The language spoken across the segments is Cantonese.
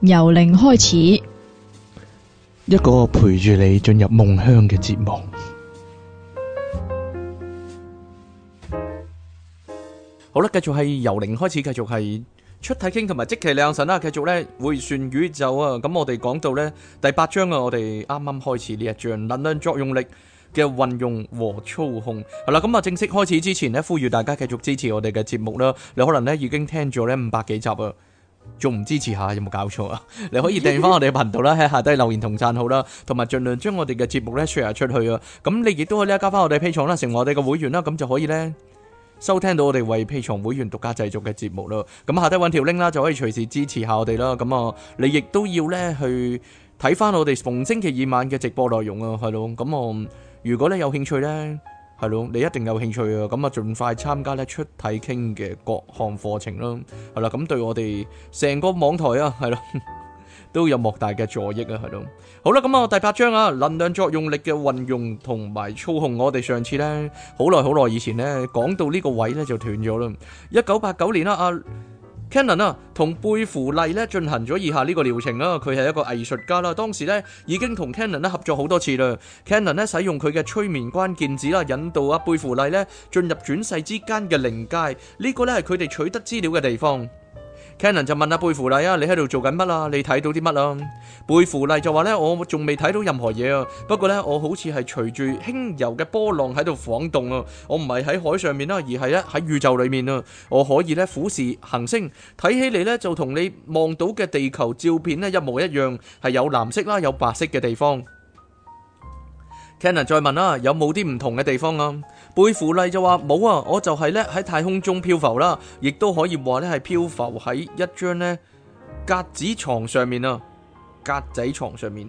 由零開始，一個陪住你進入夢鄉嘅節目。好啦，繼續係由零開始，繼續係出體傾同埋即其兩神啦。繼續咧回旋宇宙啊！咁、嗯、我哋講到呢第八章啊，我哋啱啱開始呢一章能量作用力嘅運用和操控。係、嗯、啦，咁、嗯、啊，正式開始之前呢，呼籲大家繼續支持我哋嘅節目啦。你可能呢已經聽咗呢五百幾集啊。仲唔支持下？有冇搞錯啊？ 你可以訂翻我哋頻道啦，喺 下低留言同讚好啦，同埋盡量將我哋嘅節目咧 share 出去啊。咁你亦都可以加翻我哋 P 廠啦，成為我哋嘅會員啦，咁就可以咧收聽到我哋為 P 廠會員獨家製作嘅節目咯。咁下低揾條 link 啦，就可以隨時支持下我哋啦。咁啊，你亦都要咧去睇翻我哋逢星期二晚嘅直播內容啊，係咯。咁我如果你有興趣咧？係咯，你一定有興趣啊！咁啊，盡快參加咧出體傾嘅各項課程啦。係啦，咁對我哋成個網台啊，係咯， 都有莫大嘅助益啊。係咯，好啦，咁啊，第八章啊，能量作用力嘅運用同埋操控，我哋上次咧好耐好耐以前咧講到呢個位咧就斷咗啦。一九八九年啦，啊，啊。Canon 啊，同貝芙麗咧進行咗以下呢個療程啦。佢係一個藝術家啦，當時咧已經同 Canon 咧合作好多次啦。Canon 咧使用佢嘅催眠關鍵字啦，引導阿貝芙麗咧進入轉世之間嘅靈界。呢個咧係佢哋取得資料嘅地方。Cannon 就問阿貝芙麗啊，你喺度做緊乜啊？你睇到啲乜啊？貝芙麗就話咧，我仲未睇到任何嘢啊，不過咧，我好似係隨住輕柔嘅波浪喺度晃動啊，我唔係喺海上面啦，而係咧喺宇宙裡面啊，我可以咧俯視行星，睇起嚟咧就同你望到嘅地球照片咧一模一樣，係有藍色啦，有白色嘅地方。Cannon 再問啦，有冇啲唔同嘅地方啊？貝芙麗就話冇啊，我就係咧喺太空中漂浮啦，亦都可以話咧係漂浮喺一張咧格子床上面啊。格仔床上面。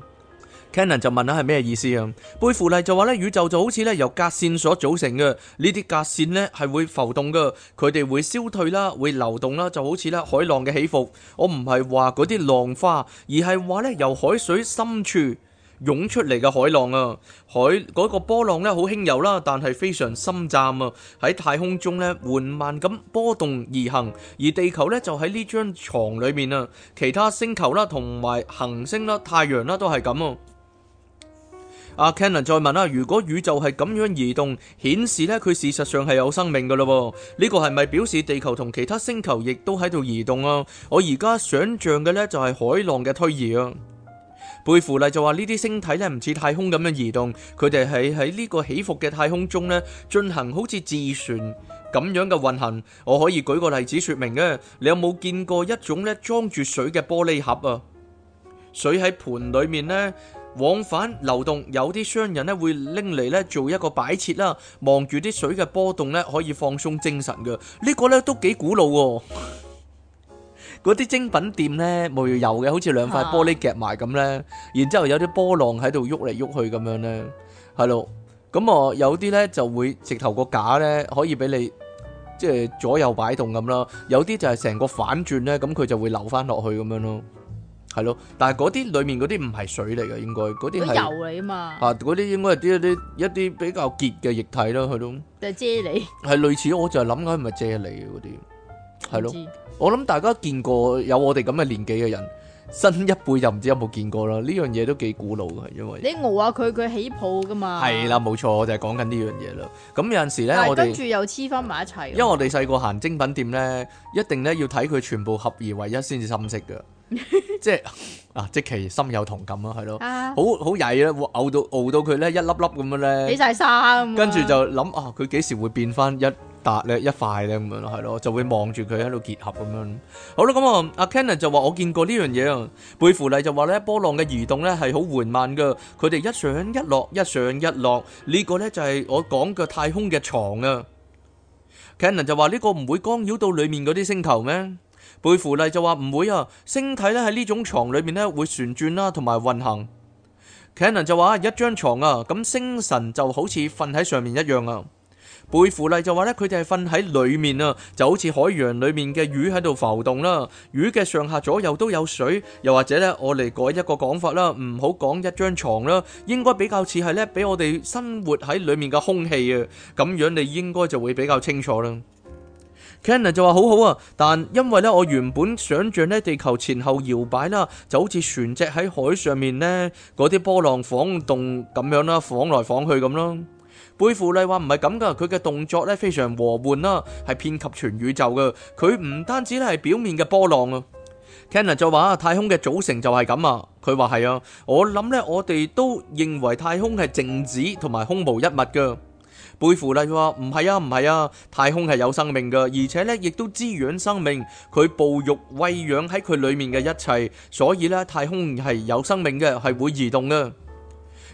Cannon 就問啦，係咩意思啊？貝芙麗就話咧，宇宙就好似咧由格線所組成嘅，呢啲格線咧係會浮動嘅，佢哋會消退啦，會流動啦，就好似咧海浪嘅起伏。我唔係話嗰啲浪花，而係話咧由海水深處。湧出嚟嘅海浪啊，海嗰個波浪呢好輕柔啦，但係非常深湛啊！喺太空中呢，緩慢咁波動而行，而地球呢，就喺呢張床裏面啊，其他星球啦、啊、同埋行星啦、啊、太陽啦都係咁啊！阿 Cannon、啊啊、再問啦、啊，如果宇宙係咁樣移動，顯示呢佢事實上係有生命噶啦、啊，呢、呢個係咪表示地球同其他星球亦都喺度移動啊？我而家想象嘅呢，就係、是、海浪嘅推移啊！貝弗利就話，呢啲星體咧唔似太空咁樣移動，佢哋喺喺呢個起伏嘅太空中咧進行好似自旋咁樣嘅運行。我可以舉個例子說明嘅，你有冇見過一種咧裝住水嘅玻璃盒啊？水喺盤裏面呢往返流動，有啲商人咧會拎嚟咧做一個擺設啦，望住啲水嘅波動咧可以放鬆精神嘅，這個、呢個咧都幾古老喎。嗰啲精品店咧，冇疑油嘅，好似兩塊玻璃夾埋咁咧，啊、然之後有啲波浪喺度喐嚟喐去咁樣咧，係咯。咁、嗯、啊、嗯，有啲咧就會直頭個架咧，可以俾你即係左右擺動咁咯。有啲就係成個反轉咧，咁、嗯、佢就會流翻落去咁樣咯，係、嗯、咯、嗯。但係嗰啲裡面嗰啲唔係水嚟嘅，應該嗰啲係油嚟啊嘛。啊，嗰啲應該係啲一啲一啲比較結嘅液體咯，佢都，就係啫喱。係類似，我就係諗緊係咪啫喱嗰啲。係咯，了我諗大家見過有我哋咁嘅年紀嘅人，新一輩就唔知有冇見過啦。呢樣嘢都幾古老嘅，因為你餓下佢，佢起泡噶嘛。係啦，冇錯，我就係講緊呢樣嘢咯。咁有陣時咧，我哋跟住又黐翻埋一齊。因為我哋細個行精品店咧，一定咧要睇佢全部合二為一先至深色噶，即係嗱，即其心有同感咯，係咯，好好曳啦，嘔到嘔到佢咧一粒粒咁樣咧，起晒衫，跟住就諗啊，佢幾、啊、時會變翻一？一搭咧一塊咧咁樣咯，係咯，就會望住佢喺度結合咁樣。好啦，咁啊，阿 Kenan 就話我見過呢樣嘢啊。貝芙麗就話咧，波浪嘅移動咧係好緩慢噶。佢哋一上一落，一上一落，呢個咧就係我講嘅太空嘅牀啊。Kenan 就話呢個唔會干擾到裡面嗰啲星球咩？貝芙麗就話唔會啊。星體咧喺呢種牀裏面咧會旋轉啦，同埋運行。Kenan 就話一張牀啊，咁星辰就好似瞓喺上面一樣啊。貝芙麗就話咧，佢哋係瞓喺裏面啊，就好似海洋裡面嘅魚喺度浮動啦，魚嘅上下左右都有水。又或者咧，我嚟改一個講法啦，唔好講「一張床」啦，應該比較似係咧，俾我哋生活喺裡面嘅空氣啊，咁樣你應該就會比較清楚啦。Kenna 就話：好好啊，但因為咧，我原本想像咧，地球前後搖擺啦，就好似船隻喺海上面呢嗰啲波浪晃動咁樣啦，晃來晃去咁咯。貝芙麗話，唔係咁噶，佢嘅動作咧，非常和緩啦，係遍及全宇宙噶。佢唔單止咧，係表面嘅波浪啊。Kenneth 就話，太空嘅組成就係咁啊。佢話係啊，我諗咧，我哋都認為太空係靜止同埋空無一物噶。貝芙麗話唔係啊，唔係啊，太空係有生命噶，而且咧，亦都滋養生命。佢哺育餵養喺佢裡面嘅一切，所以咧太空係有生命嘅，係會移動嘅。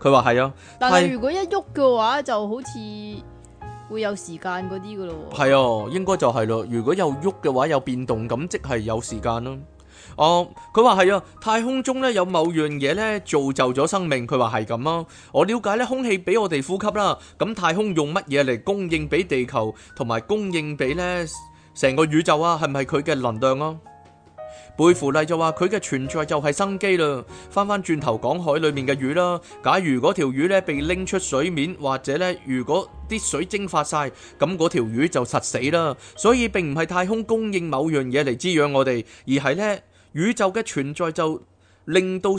佢話係啊，但係如果一喐嘅話，就好似會有時間嗰啲噶咯。係啊，應該就係咯。如果有喐嘅話，有變動咁，即係有時間咯。哦，佢話係啊，太空中咧有某樣嘢咧造就咗生命。佢話係咁啊，我了解咧，空氣俾我哋呼吸啦。咁太空用乜嘢嚟供應俾地球，同埋供應俾咧成個宇宙啊？係咪佢嘅能量啊？貝芙麗就話佢嘅存在就係生機啦，翻翻轉頭講海裏面嘅魚啦。假如嗰條魚呢，被拎出水面，或者呢，如果啲水蒸發晒，咁嗰條魚就實死啦。所以並唔係太空供應某樣嘢嚟滋養我哋，而係呢，宇宙嘅存在就令到。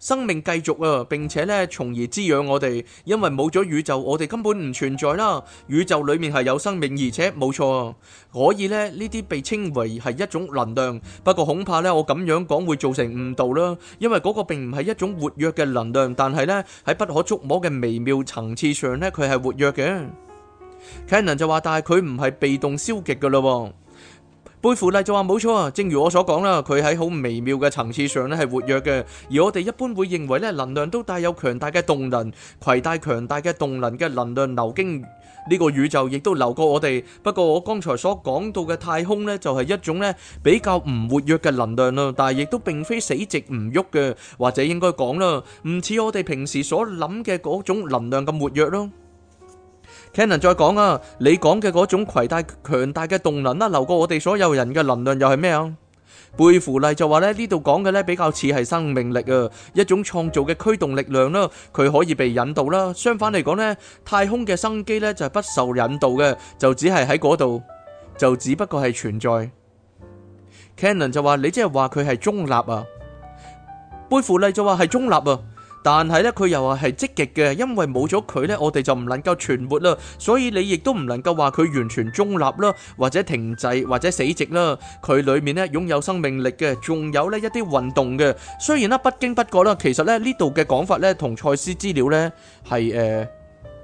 生命繼續啊，並且咧，從而滋養我哋。因為冇咗宇宙，我哋根本唔存在啦。宇宙裡面係有生命，而且冇錯，可以咧，呢啲被稱為係一種能量。不過恐怕咧，我咁樣講會造成誤導啦。因為嗰個並唔係一種活躍嘅能量，但係咧，喺不可觸摸嘅微妙層次上咧，佢係活躍嘅。卡農就話，但係佢唔係被動消極嘅咯。貝弗利就話冇錯啊，正如我所講啦，佢喺好微妙嘅層次上咧係活躍嘅，而我哋一般會認為咧，能量都帶有強大嘅動能，攜帶強大嘅動能嘅能量流經呢個宇宙，亦都流過我哋。不過我剛才所講到嘅太空咧，就係一種咧比較唔活躍嘅能量啦，但係亦都並非死直唔喐嘅，或者應該講啦，唔似我哋平時所諗嘅嗰種能量咁活躍咯。Canon 再講啊，你講嘅嗰種攜帶強大嘅動能啦，留過我哋所有人嘅能量又係咩啊？貝芙麗就話咧，呢度講嘅咧比較似係生命力啊，一種創造嘅驅動力量啦，佢可以被引導啦。相反嚟講呢，太空嘅生機咧就係不受引導嘅，就只係喺嗰度，就只不過係存在。Canon 就話，你即係話佢係中立啊？貝芙麗就話係中立啊。但係咧，佢又話係積極嘅，因為冇咗佢咧，我哋就唔能夠存活啦。所以你亦都唔能夠話佢完全中立啦，或者停滯，或者死寂啦。佢裏面咧擁有生命力嘅，仲有咧一啲運動嘅。雖然咧不經不覺啦，其實咧呢度嘅講法咧同賽斯資料咧係誒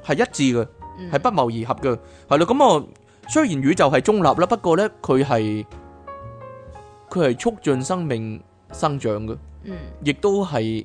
係一致嘅，係不謀而合嘅。係咯，咁我雖然宇宙係中立啦，不過咧佢係佢係促進生命生長嘅，嗯，亦都係。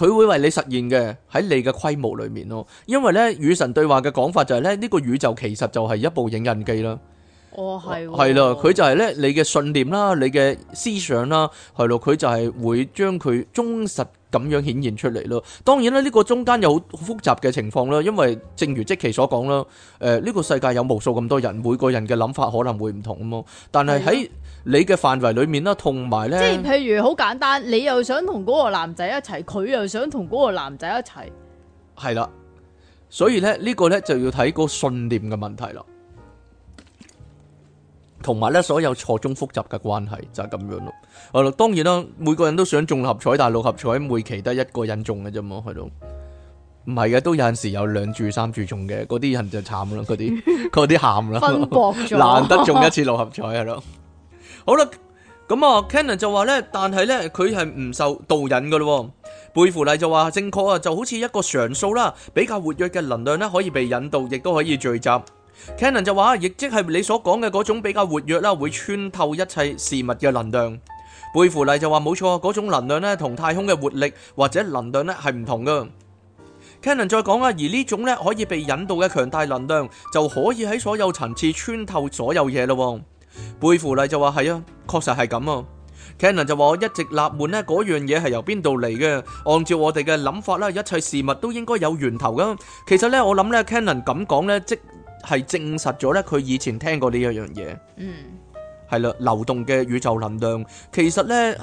佢會為你實現嘅，喺你嘅規模裏面咯，因為呢，與神對話嘅講法就係咧，呢個宇宙其實就係一部影印機啦。哦，係係啦，佢就係呢，你嘅信念啦，你嘅思想啦，係咯，佢就係會將佢忠實咁樣顯現出嚟咯。當然啦，呢個中間有好複雜嘅情況啦，因為正如即奇所講啦，誒，呢個世界有無數咁多人，每個人嘅諗法可能會唔同啊嘛，但係喺。你嘅範圍裏面啦，同埋咧，即係譬如好簡單，你又想同嗰個男仔一齊，佢又想同嗰個男仔一齊，係啦。所以咧，呢個咧就要睇個信念嘅問題啦，同埋咧所有錯綜複雜嘅關係就係、是、咁樣咯。係咯，當然啦，每個人都想中六合彩，但係六合彩每期得一個人中嘅啫嘛，係咯。唔係嘅，都有陣時有兩注、三注中嘅，嗰啲人就慘啦，嗰啲嗰啲喊啦， 分薄咗 難得中一次六合彩係咯。好啦，咁啊，Cannon 就話咧，但係咧，佢係唔受導引噶咯。貝芙麗就話正確啊，就好似一個常數啦，比較活躍嘅能量咧，可以被引導，亦都可以聚集。Cannon 就話，亦即係你所講嘅嗰種比較活躍啦，會穿透一切事物嘅能量。貝芙麗就話冇錯，嗰種能量咧，同太空嘅活力或者能量咧係唔同噶。Cannon 再講啊，而呢種咧可以被引導嘅強大能量，就可以喺所有層次穿透所有嘢咯。貝弗利就話係啊，確實係咁啊。Cannon 就話，我一直納悶咧，嗰樣嘢係由邊度嚟嘅？按照我哋嘅諗法咧，一切事物都應該有源頭噶。其實咧，我諗咧，Cannon 咁講咧，即係證實咗咧，佢以前聽過呢一樣嘢。嗯，係啦，流動嘅宇宙能量，其實咧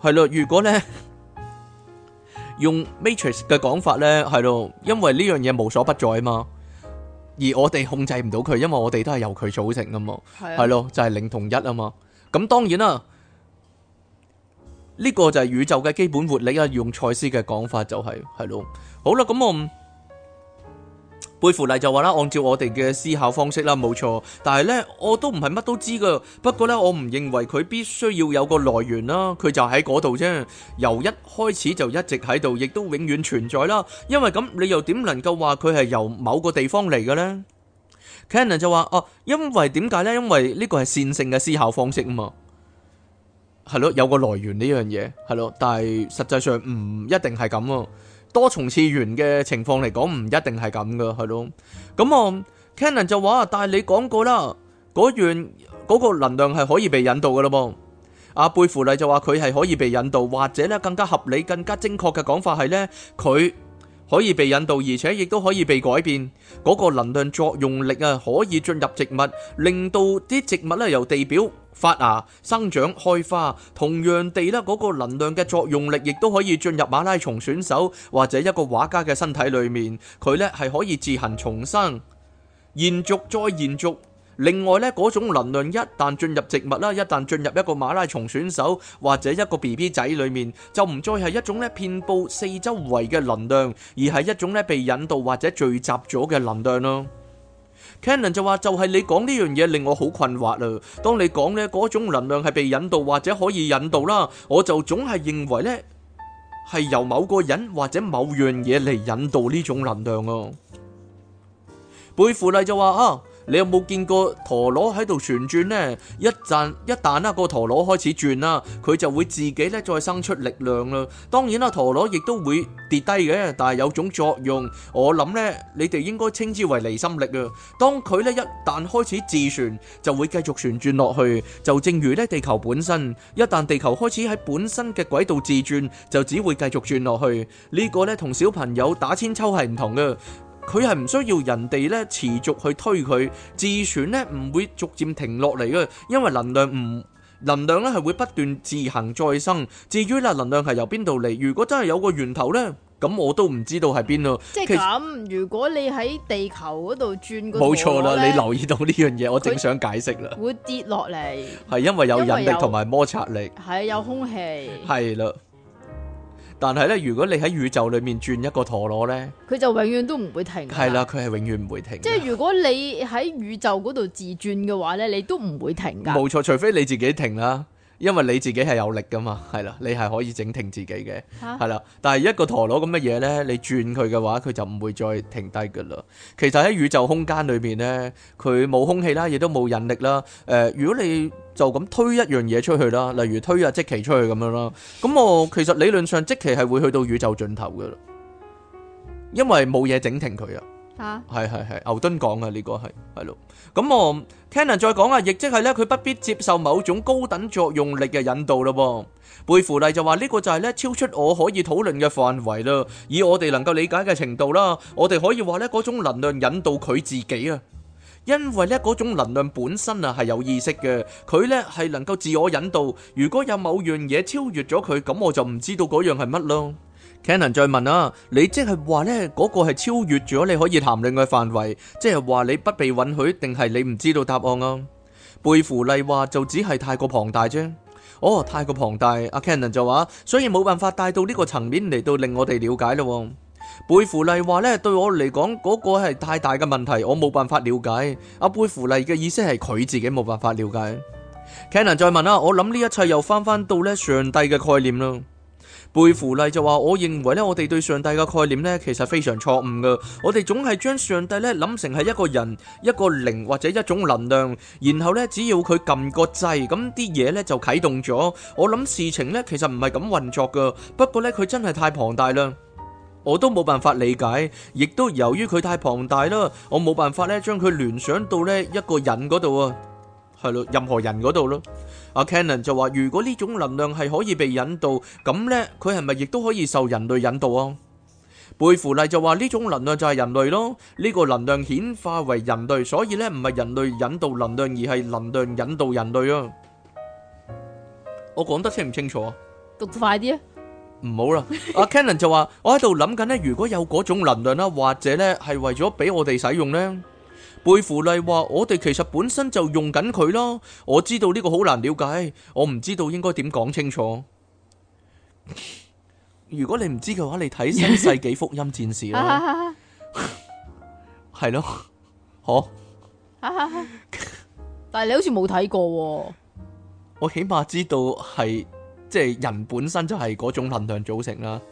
係啦，如果咧用 Matrix 嘅講法咧，係咯，因為呢樣嘢無所不在啊嘛。而我哋控制唔到佢，因為我哋都係由佢組成㗎嘛，係咯、啊，就係、是、零同一啊嘛。咁當然啦，呢、這個就係宇宙嘅基本活力啊。用賽斯嘅講法就係、是，係咯。好啦，咁我。貝芙麗就話啦，按照我哋嘅思考方式啦，冇錯。但係呢，我都唔係乜都知嘅。不過呢，我唔認為佢必須要有個來源啦，佢就喺嗰度啫。由一開始就一直喺度，亦都永遠存在啦。因為咁，你又點能夠話佢係由某個地方嚟嘅呢？Kennen 就話：哦、啊，因為點解呢？因為呢個係線性嘅思考方式啊嘛。係咯，有個來源呢樣嘢係咯，但係實際上唔一定係咁啊。多重次元嘅情況嚟講，唔一定係咁嘅，係咯。咁、嗯、我 Canon 就話：但係你講過啦，嗰源、嗰個能量係可以被引導嘅咯。阿貝芙麗就話佢係可以被引導，或者咧更加合理、更加精確嘅講法係呢，佢可以被引導，而且亦都可以被改變。嗰、嗰個能量作用力啊，可以進入植物，令到啲植物咧由地表，發芽、生長、開花，同樣地咧，嗰個能量嘅作用力亦都可以進入馬拉松選手或者一個畫家嘅身體裏面，佢呢係可以自行重生，延續再延續。另外呢，嗰種能量一旦進入植物啦，一旦進入一個馬拉松選手或者一個 BB 仔裏面，就唔再係一種咧遍布四周圍嘅能量，而係一種咧被引導或者聚集咗嘅能量咯。Canon 就話：就係、是、你講呢樣嘢令我好困惑嘞、啊。當你講嘅嗰種能量係被引導或者可以引導啦、啊，我就總係認為呢係由某個人或者某樣嘢嚟引導呢種能量咯、啊。貝芙麗就話啊。你有冇見過陀螺喺度旋轉呢？一陣一旦啦個陀螺開始轉啦，佢就會自己咧再生出力量啦。當然啦，陀螺亦都會跌低嘅，但係有種作用，我諗呢，你哋應該稱之為離心力啊。當佢咧一旦開始自旋，就會繼續旋轉落去。就正如咧地球本身，一旦地球開始喺本身嘅軌道自轉，就只會繼續轉落去。呢個咧同小朋友打千秋係唔同嘅。佢係唔需要人哋咧持續去推佢，自旋咧唔會逐漸停落嚟嘅，因為能量唔能量咧係會不斷自行再生。至於啦，能量係由邊度嚟？如果真係有個源頭呢，咁我都唔知道係邊度。嗯、其實，即係咁，如果你喺地球嗰度轉，冇錯啦，你留意到呢樣嘢，它 我正想解釋啦。會跌落嚟係因為有引力同埋摩擦力，係有，有空氣，係啦、嗯。但係咧，如果你喺宇宙裏面轉一個陀螺咧，佢就永遠都唔會停。係啦，佢係永遠唔會停。即係如果你喺宇宙嗰度自轉嘅話咧，你都唔會停噶。冇錯，除非你自己停啦。因為你自己係有力噶嘛，係啦，你係可以整停自己嘅，係啦、啊。但係一個陀螺咁嘅嘢呢，你轉佢嘅話，佢就唔會再停低噶啦。其實喺宇宙空間裏面呢，佢冇空氣啦，亦都冇引力啦。誒、呃，如果你就咁推一樣嘢出去啦，例如推個即期出去咁樣啦，咁我其實理論上即期係會去到宇宙盡頭噶啦，因為冇嘢整停佢啊。係係係，牛頓講嘅呢個係係咯。咁我 Canon 再講啊，亦即係咧，佢不必接受某種高等作用力嘅引導嘞。貝芙麗就話呢個就係咧超出我可以討論嘅範圍啦。以我哋能夠理解嘅程度啦，我哋可以話咧嗰種能量引導佢自己啊，因為咧嗰種能量本身啊係有意識嘅，佢咧係能夠自我引導。如果有某樣嘢超越咗佢，咁我就唔知道嗰樣係乜咯。Canon 再問啊，你即係話呢嗰個係超越咗你可以談論嘅範圍，即係話你不被允許，定係你唔知道答案啊？貝芙麗話就只係太過龐大啫。哦，太過龐大，阿 Canon 就話，所以冇辦法帶到呢個層面嚟到令我哋了解咯。貝芙麗話呢，對我嚟講嗰個係太大嘅問題，我冇辦法了解。阿貝芙麗嘅意思係佢自己冇辦法了解。Canon 再問啊，我諗呢一切又翻翻到呢上帝嘅概念咯。貝芙麗就話，我認為咧，我哋對上帝嘅概念咧，其實非常錯誤噶。我哋總係將上帝咧諗成係一個人、一個靈或者一種能量，然後咧只要佢撳個掣，咁啲嘢咧就啟動咗。我諗事情咧其實唔係咁運作噶。不過咧佢真係太龐大啦，我都冇辦法理解，亦都由於佢太龐大啦，我冇辦法咧將佢聯想到咧一個人嗰度啊，係咯，任何人嗰度咯。阿 Cannon 就話：如果呢種能量係可以被引導，咁咧佢係咪亦都可以受人類引導啊？貝芙麗就話：呢種能量就係人類咯，呢個能量顯化為人類，所以咧唔係人類引導能量，而係能量引導人類啊！我講得清唔清楚啊？讀快啲啊！唔好啦，阿 Cannon 就話：我喺度諗緊咧，如果有嗰種能量啦，或者咧係為咗俾我哋使用咧。貝芙麗話：我哋其實本身就用緊佢咯。我知道呢個好難了解，我唔知道應該點講清楚。如果你唔知嘅話，你看看，你睇《新世紀福音戰士》咯、 啊，係 是咯，嗬 但係你好似冇睇過 。我起碼知道係即係人本身就係嗰種能量組成啦、啊。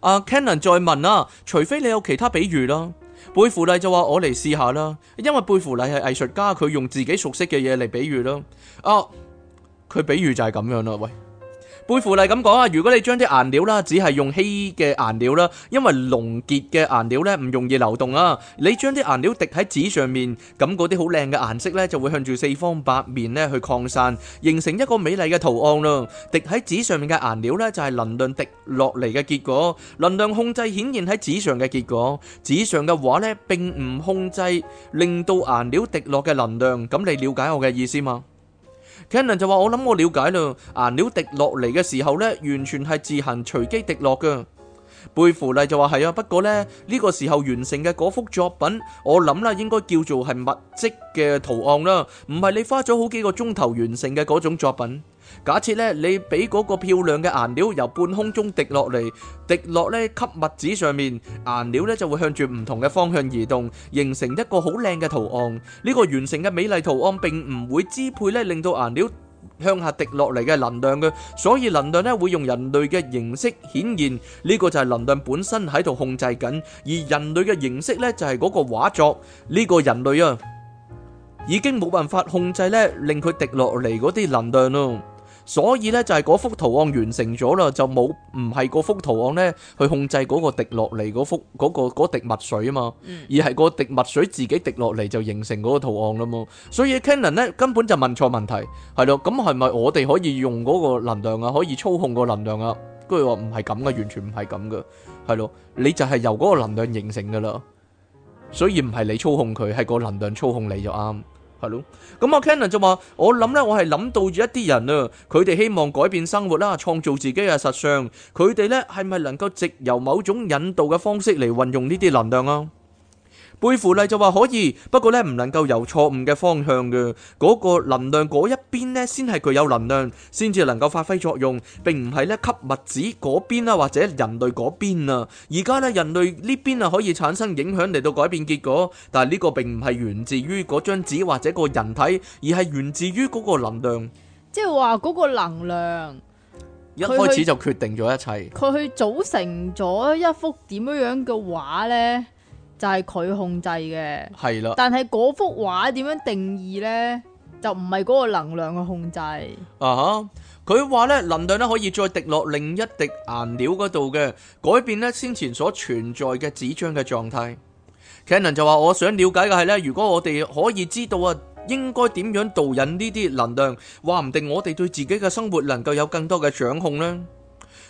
阿、uh, Canon 再問啦，除非你有其他比喻啦。貝芙利就話：我嚟試下啦，因為貝芙利係藝術家，佢用自己熟悉嘅嘢嚟比喻咯。啊，佢比喻就係咁樣啦。喂。背負例咁講啊，如果你將啲顏料啦，只係用稀嘅顏料啦，因為濃稠嘅顏料咧唔容易流動啊。你將啲顏料滴喺紙上面，咁嗰啲好靚嘅顏色咧就會向住四方八面咧去擴散，形成一個美麗嘅圖案咯。滴喺紙上面嘅顏料咧就係能量滴落嚟嘅結果，能量控制顯現喺紙上嘅結果。紙上嘅畫咧並唔控制令到顏料滴落嘅能量，咁你了解我嘅意思嗎？Cannon 就話：我諗我了解咯，顏料滴落嚟嘅時候咧，完全係自行隨機滴落㗎。貝芙麗就話：係啊，不過咧呢個時候完成嘅嗰幅作品，我諗啦應該叫做係物跡嘅圖案啦，唔係你花咗好幾個鐘頭完成嘅嗰種作品。假設咧，你俾嗰個漂亮嘅顏料由半空中滴落嚟，滴落咧吸墨紙上面，顏料咧就會向住唔同嘅方向移動，形成一個好靚嘅圖案。呢個完成嘅美麗圖案並唔會支配咧令到顏料向下滴落嚟嘅能量嘅，所以能量咧會用人類嘅形式顯現。呢個就係能量本身喺度控制緊，而人類嘅形式咧就係嗰個畫作。呢個人類啊，已經冇辦法控制咧令佢滴落嚟嗰啲能量咯。所以咧就係嗰幅圖案完成咗啦，就冇唔係嗰幅圖案咧去控制嗰個滴落嚟嗰幅嗰個嗰、嗰個嗰個、滴墨水啊嘛，而係個滴墨水自己滴落嚟就形成嗰個圖案啦嘛。所以 Cannon 咧根本就問錯問題，係咯？咁係咪我哋可以用嗰個能量啊？可以操控個能量啊？佢話唔係咁嘅，完全唔係咁嘅，係咯？你就係由嗰個能量形成噶啦，所以唔係你操控佢，係個能量操控你就啱。咁啊，Cannon 就話：我諗咧，我係諗到住一啲人啊，佢哋希望改變生活啦，創造自己嘅實相，佢哋咧係咪能夠藉由某種引導嘅方式嚟運用呢啲能量啊？貝芙麗就話可以，不過咧唔能夠由錯誤嘅方向嘅嗰個能量嗰一邊咧，先係具有能量，先至能夠發揮作用，並唔係咧吸墨紙嗰邊啦，或者人類嗰邊啊。而家咧人類呢邊啊可以產生影響嚟到，改變結果，但係呢個並唔係源自於嗰張紙或者個人體，而係源自於嗰個能量。即係話嗰個能量一開始就決定咗一切，佢去組成咗一幅點樣樣嘅畫咧。就係佢控制嘅，係啦的。但係嗰幅畫點樣定義呢？就唔係嗰個能量嘅控制啊！嚇、uh，佢話咧能量咧可以再滴落另一滴顏料嗰度嘅，改變咧先前所存在嘅紙張嘅狀態。Cannon 就話：我想了解嘅係咧，如果我哋可以知道啊，應該點樣導引呢啲能量？話唔定我哋對自己嘅生活能夠有更多嘅掌控呢。」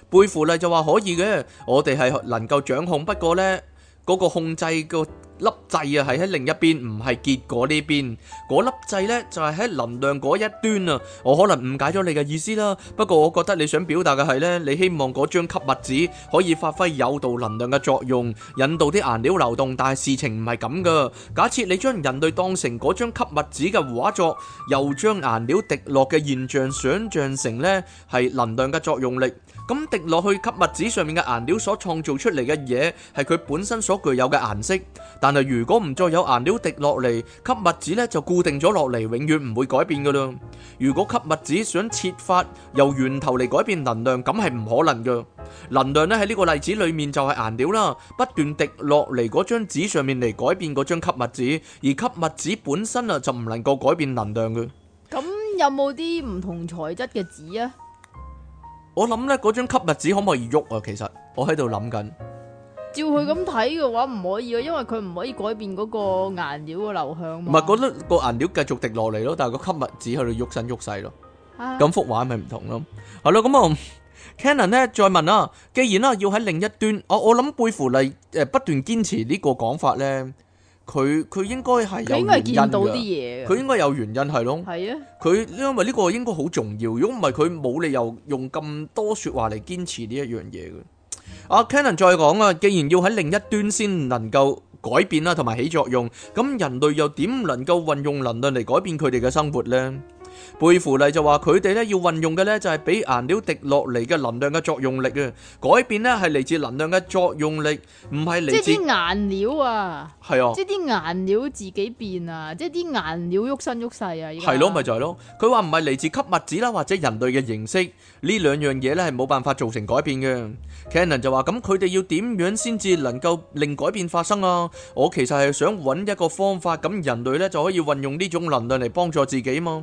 貝芙麗就話可以嘅，我哋係能夠掌控，不過呢。嗰個控制，嗰個粒掣啊，係喺另一邊，唔係結果呢邊。嗰粒掣咧就係喺能量嗰一端啊。我可能誤解咗你嘅意思啦。不過我覺得你想表達嘅係咧，你希望嗰張吸墨紙可以發揮有導能量嘅作用，引導啲顏料流動。但係事情唔係咁噶。假設你將人類當成嗰張吸墨紙嘅畫作，又將顏料滴落嘅現象想象成咧係能量嘅作用力，咁滴落去吸墨紙上面嘅顏料所創造出嚟嘅嘢，係佢本身所具有嘅顏色。但係如果唔再有顏料滴落嚟，吸墨紙咧，就固定咗落嚟，永遠唔會改變㗎啦。如果吸墨紙想設法由源頭嚟改變能量，咁係唔可能㗎。能量咧喺呢個例子裏面就係顏料啦，不斷滴落嚟嗰張紙上面嚟改變嗰張吸墨紙，而吸墨紙本身啊就唔能夠改變能量嘅。咁有冇啲唔同材質嘅紙啊？我諗咧嗰張吸墨紙可唔可以喐啊？其實我喺度諗緊。照佢咁睇嘅話唔可以啊，因為佢唔可以改變嗰個顏料嘅流向。唔係覺得個顏料繼續滴落嚟咯，但係個吸墨紙喺度喐身喐細咯。咁幅畫咪唔同咯。係咯，咁啊，Canon 咧再問啊，既然咧要喺另一端，我我諗貝弗利誒不斷堅持呢個講法咧，佢佢應該係佢咪見到啲嘢？佢應該有原因係咯。係啊，佢因為呢個應該好重要，如果唔係佢冇理由用咁多説話嚟堅持呢一樣嘢嘅。阿 Canon 再講啊，既然要喺另一端先能夠改變啦，同埋起作用，咁人類又點能夠運用能量嚟改變佢哋嘅生活咧？貝弗利就話佢哋咧要運用嘅咧就係俾顏料滴落嚟嘅能量嘅作用力啊，改變咧係嚟自能量嘅作用力，唔係嚟自即係啲顏料啊，係啊，即係啲顏料自己變啊，即係啲顏料喐身喐勢啊，係咯，咪就係咯，佢話唔係嚟自吸墨紙啦，或者人類嘅形式呢兩樣嘢咧係冇辦法造成改變嘅。Cannon 就話，咁佢哋要點樣先至能夠令改變發生啊？我其實係想揾一個方法，咁人類咧就可以運用呢種能量嚟幫助自己啊嘛。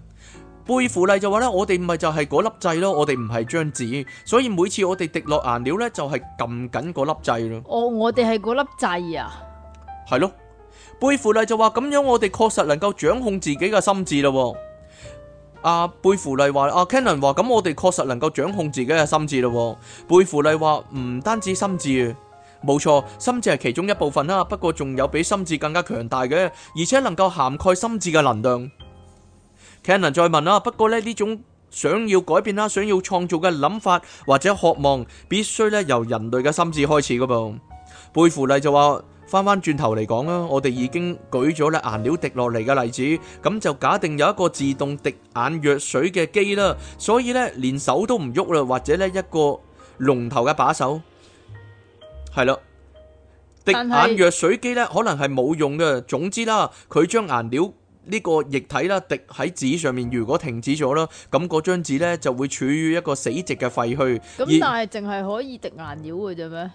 貝芙利就話咧，我哋唔係就係嗰粒掣咯，我哋唔係張紙，所以每次我哋滴落顏料咧，就係撳緊嗰粒掣咯。哦，我哋係嗰粒掣啊，係咯。貝芙利就話咁樣，我哋確實能夠掌控自己嘅心智啦。阿貝芙利話，阿 Cannon 話，咁、啊、我哋確實能夠掌控自己嘅心智啦。貝芙利話唔單止心智，冇錯，心智係其中一部分啦，不過仲有比心智更加強大嘅，而且能夠涵蓋心智嘅能量。Canon 再問啦，不過咧呢種想要改變啦、想要創造嘅諗法或者渴望，必須咧由人類嘅心智開始噶噃。貝芙麗就話：返返轉頭嚟講啦，我哋已經舉咗咧顏料滴落嚟嘅例子，咁就假定有一個自動滴眼藥水嘅機啦，所以咧連手都唔喐啦，或者咧一個龍頭嘅把手，係啦，滴眼藥水機咧可能係冇用嘅。總之啦，佢將顏料。呢個液體啦，滴喺紙上面，如果停止咗啦，咁嗰張紙呢就會處於一個死寂嘅廢墟。咁但係淨係可以滴顏料嘅啫咩？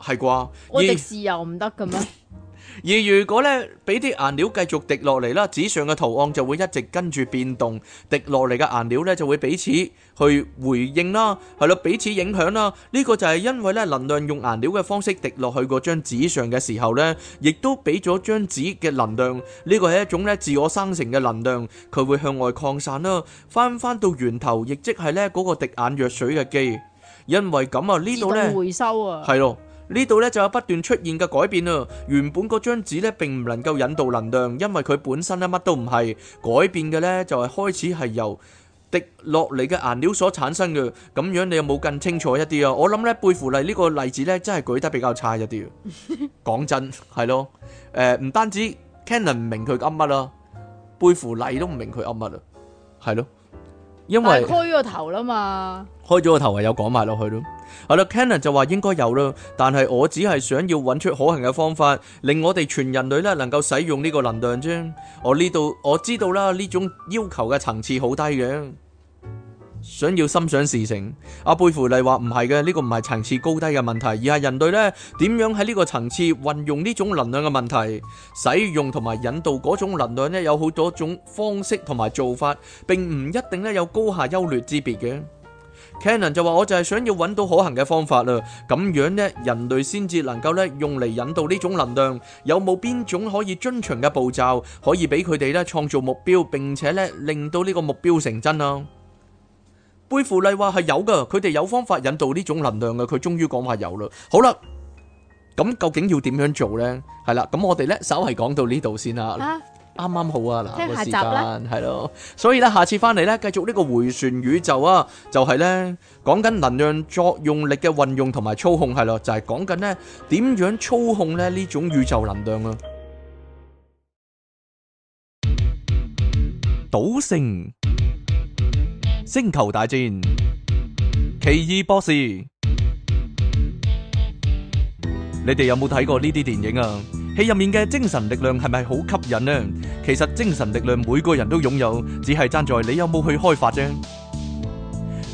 係啩吧？我滴豉油唔得嘅咩？而 而如果咧俾啲顏料繼續滴落嚟啦，紙上嘅圖案就會一直跟住變動，滴落嚟嘅顏料咧就會彼此去回應啦，係咯，彼此影響啦。呢個就係因為咧能量用顏料嘅方式滴落去嗰張紙上嘅時候咧，亦都俾咗張紙嘅能量。呢個係一種咧自我生成嘅能量，佢會向外擴散啦，翻翻到源頭，亦即係咧嗰個滴眼藥水嘅機。因為咁啊，呢度咧，回收啊，係咯。呢度咧就有不斷出現嘅改變啦。原本嗰張紙咧並唔能夠引導能量，因為佢本身咧乜都唔係。改變嘅咧就係開始係由滴落嚟嘅顏料所產生嘅。咁樣你有冇更清楚一啲啊？我諗咧貝弗利呢個例子咧真係舉得比較差一啲。講真係咯，誒唔單止 Cannon 唔明佢噏乜啦，貝弗利都唔明佢噏乜啦，係咯，因為開個頭啦嘛。開咗個頭，又講埋落去咯。係啦，Canon 就話應該有啦，但係我只係想要揾出可行嘅方法，令我哋全人類咧能夠使用呢個能量啫。我呢度我知道啦，呢種要求嘅層次好低嘅。想要心想事成，阿貝芙麗話唔係嘅，呢個唔係層次高低嘅問題，而係人類呢點樣喺呢個層次運用呢種能量嘅問題。使用同埋引導嗰種能量呢，有好多種方式同埋做法，並唔一定呢有高下優劣之別嘅。Canon 就話，我就係想要揾到可行嘅方法啦，咁樣咧，人類先至能夠咧用嚟引導呢種能量，有冇邊種可以遵循嘅步驟，可以俾佢哋咧創造目標，並且咧令到呢個目標成真啊？貝芙麗話係有噶，佢哋有方法引導呢種能量噶，佢終於講話有啦。好啦，咁究竟要點樣做咧？係啦，咁我哋咧，稍為講到呢度先啦。啱啱好啊，嗱個時間係咯，所以咧下次翻嚟咧，繼續呢個回旋宇宙啊，就係咧講緊能量作用力嘅運用同埋操控，係咯，就係講緊咧點樣操控咧呢種宇宙能量啊！賭聖、星球大戰、奇異博士，你哋有冇睇過呢啲電影啊？戲入面嘅精神力量係咪好吸引呢？其實精神力量每個人都擁有，只係爭在你有冇去開發啫。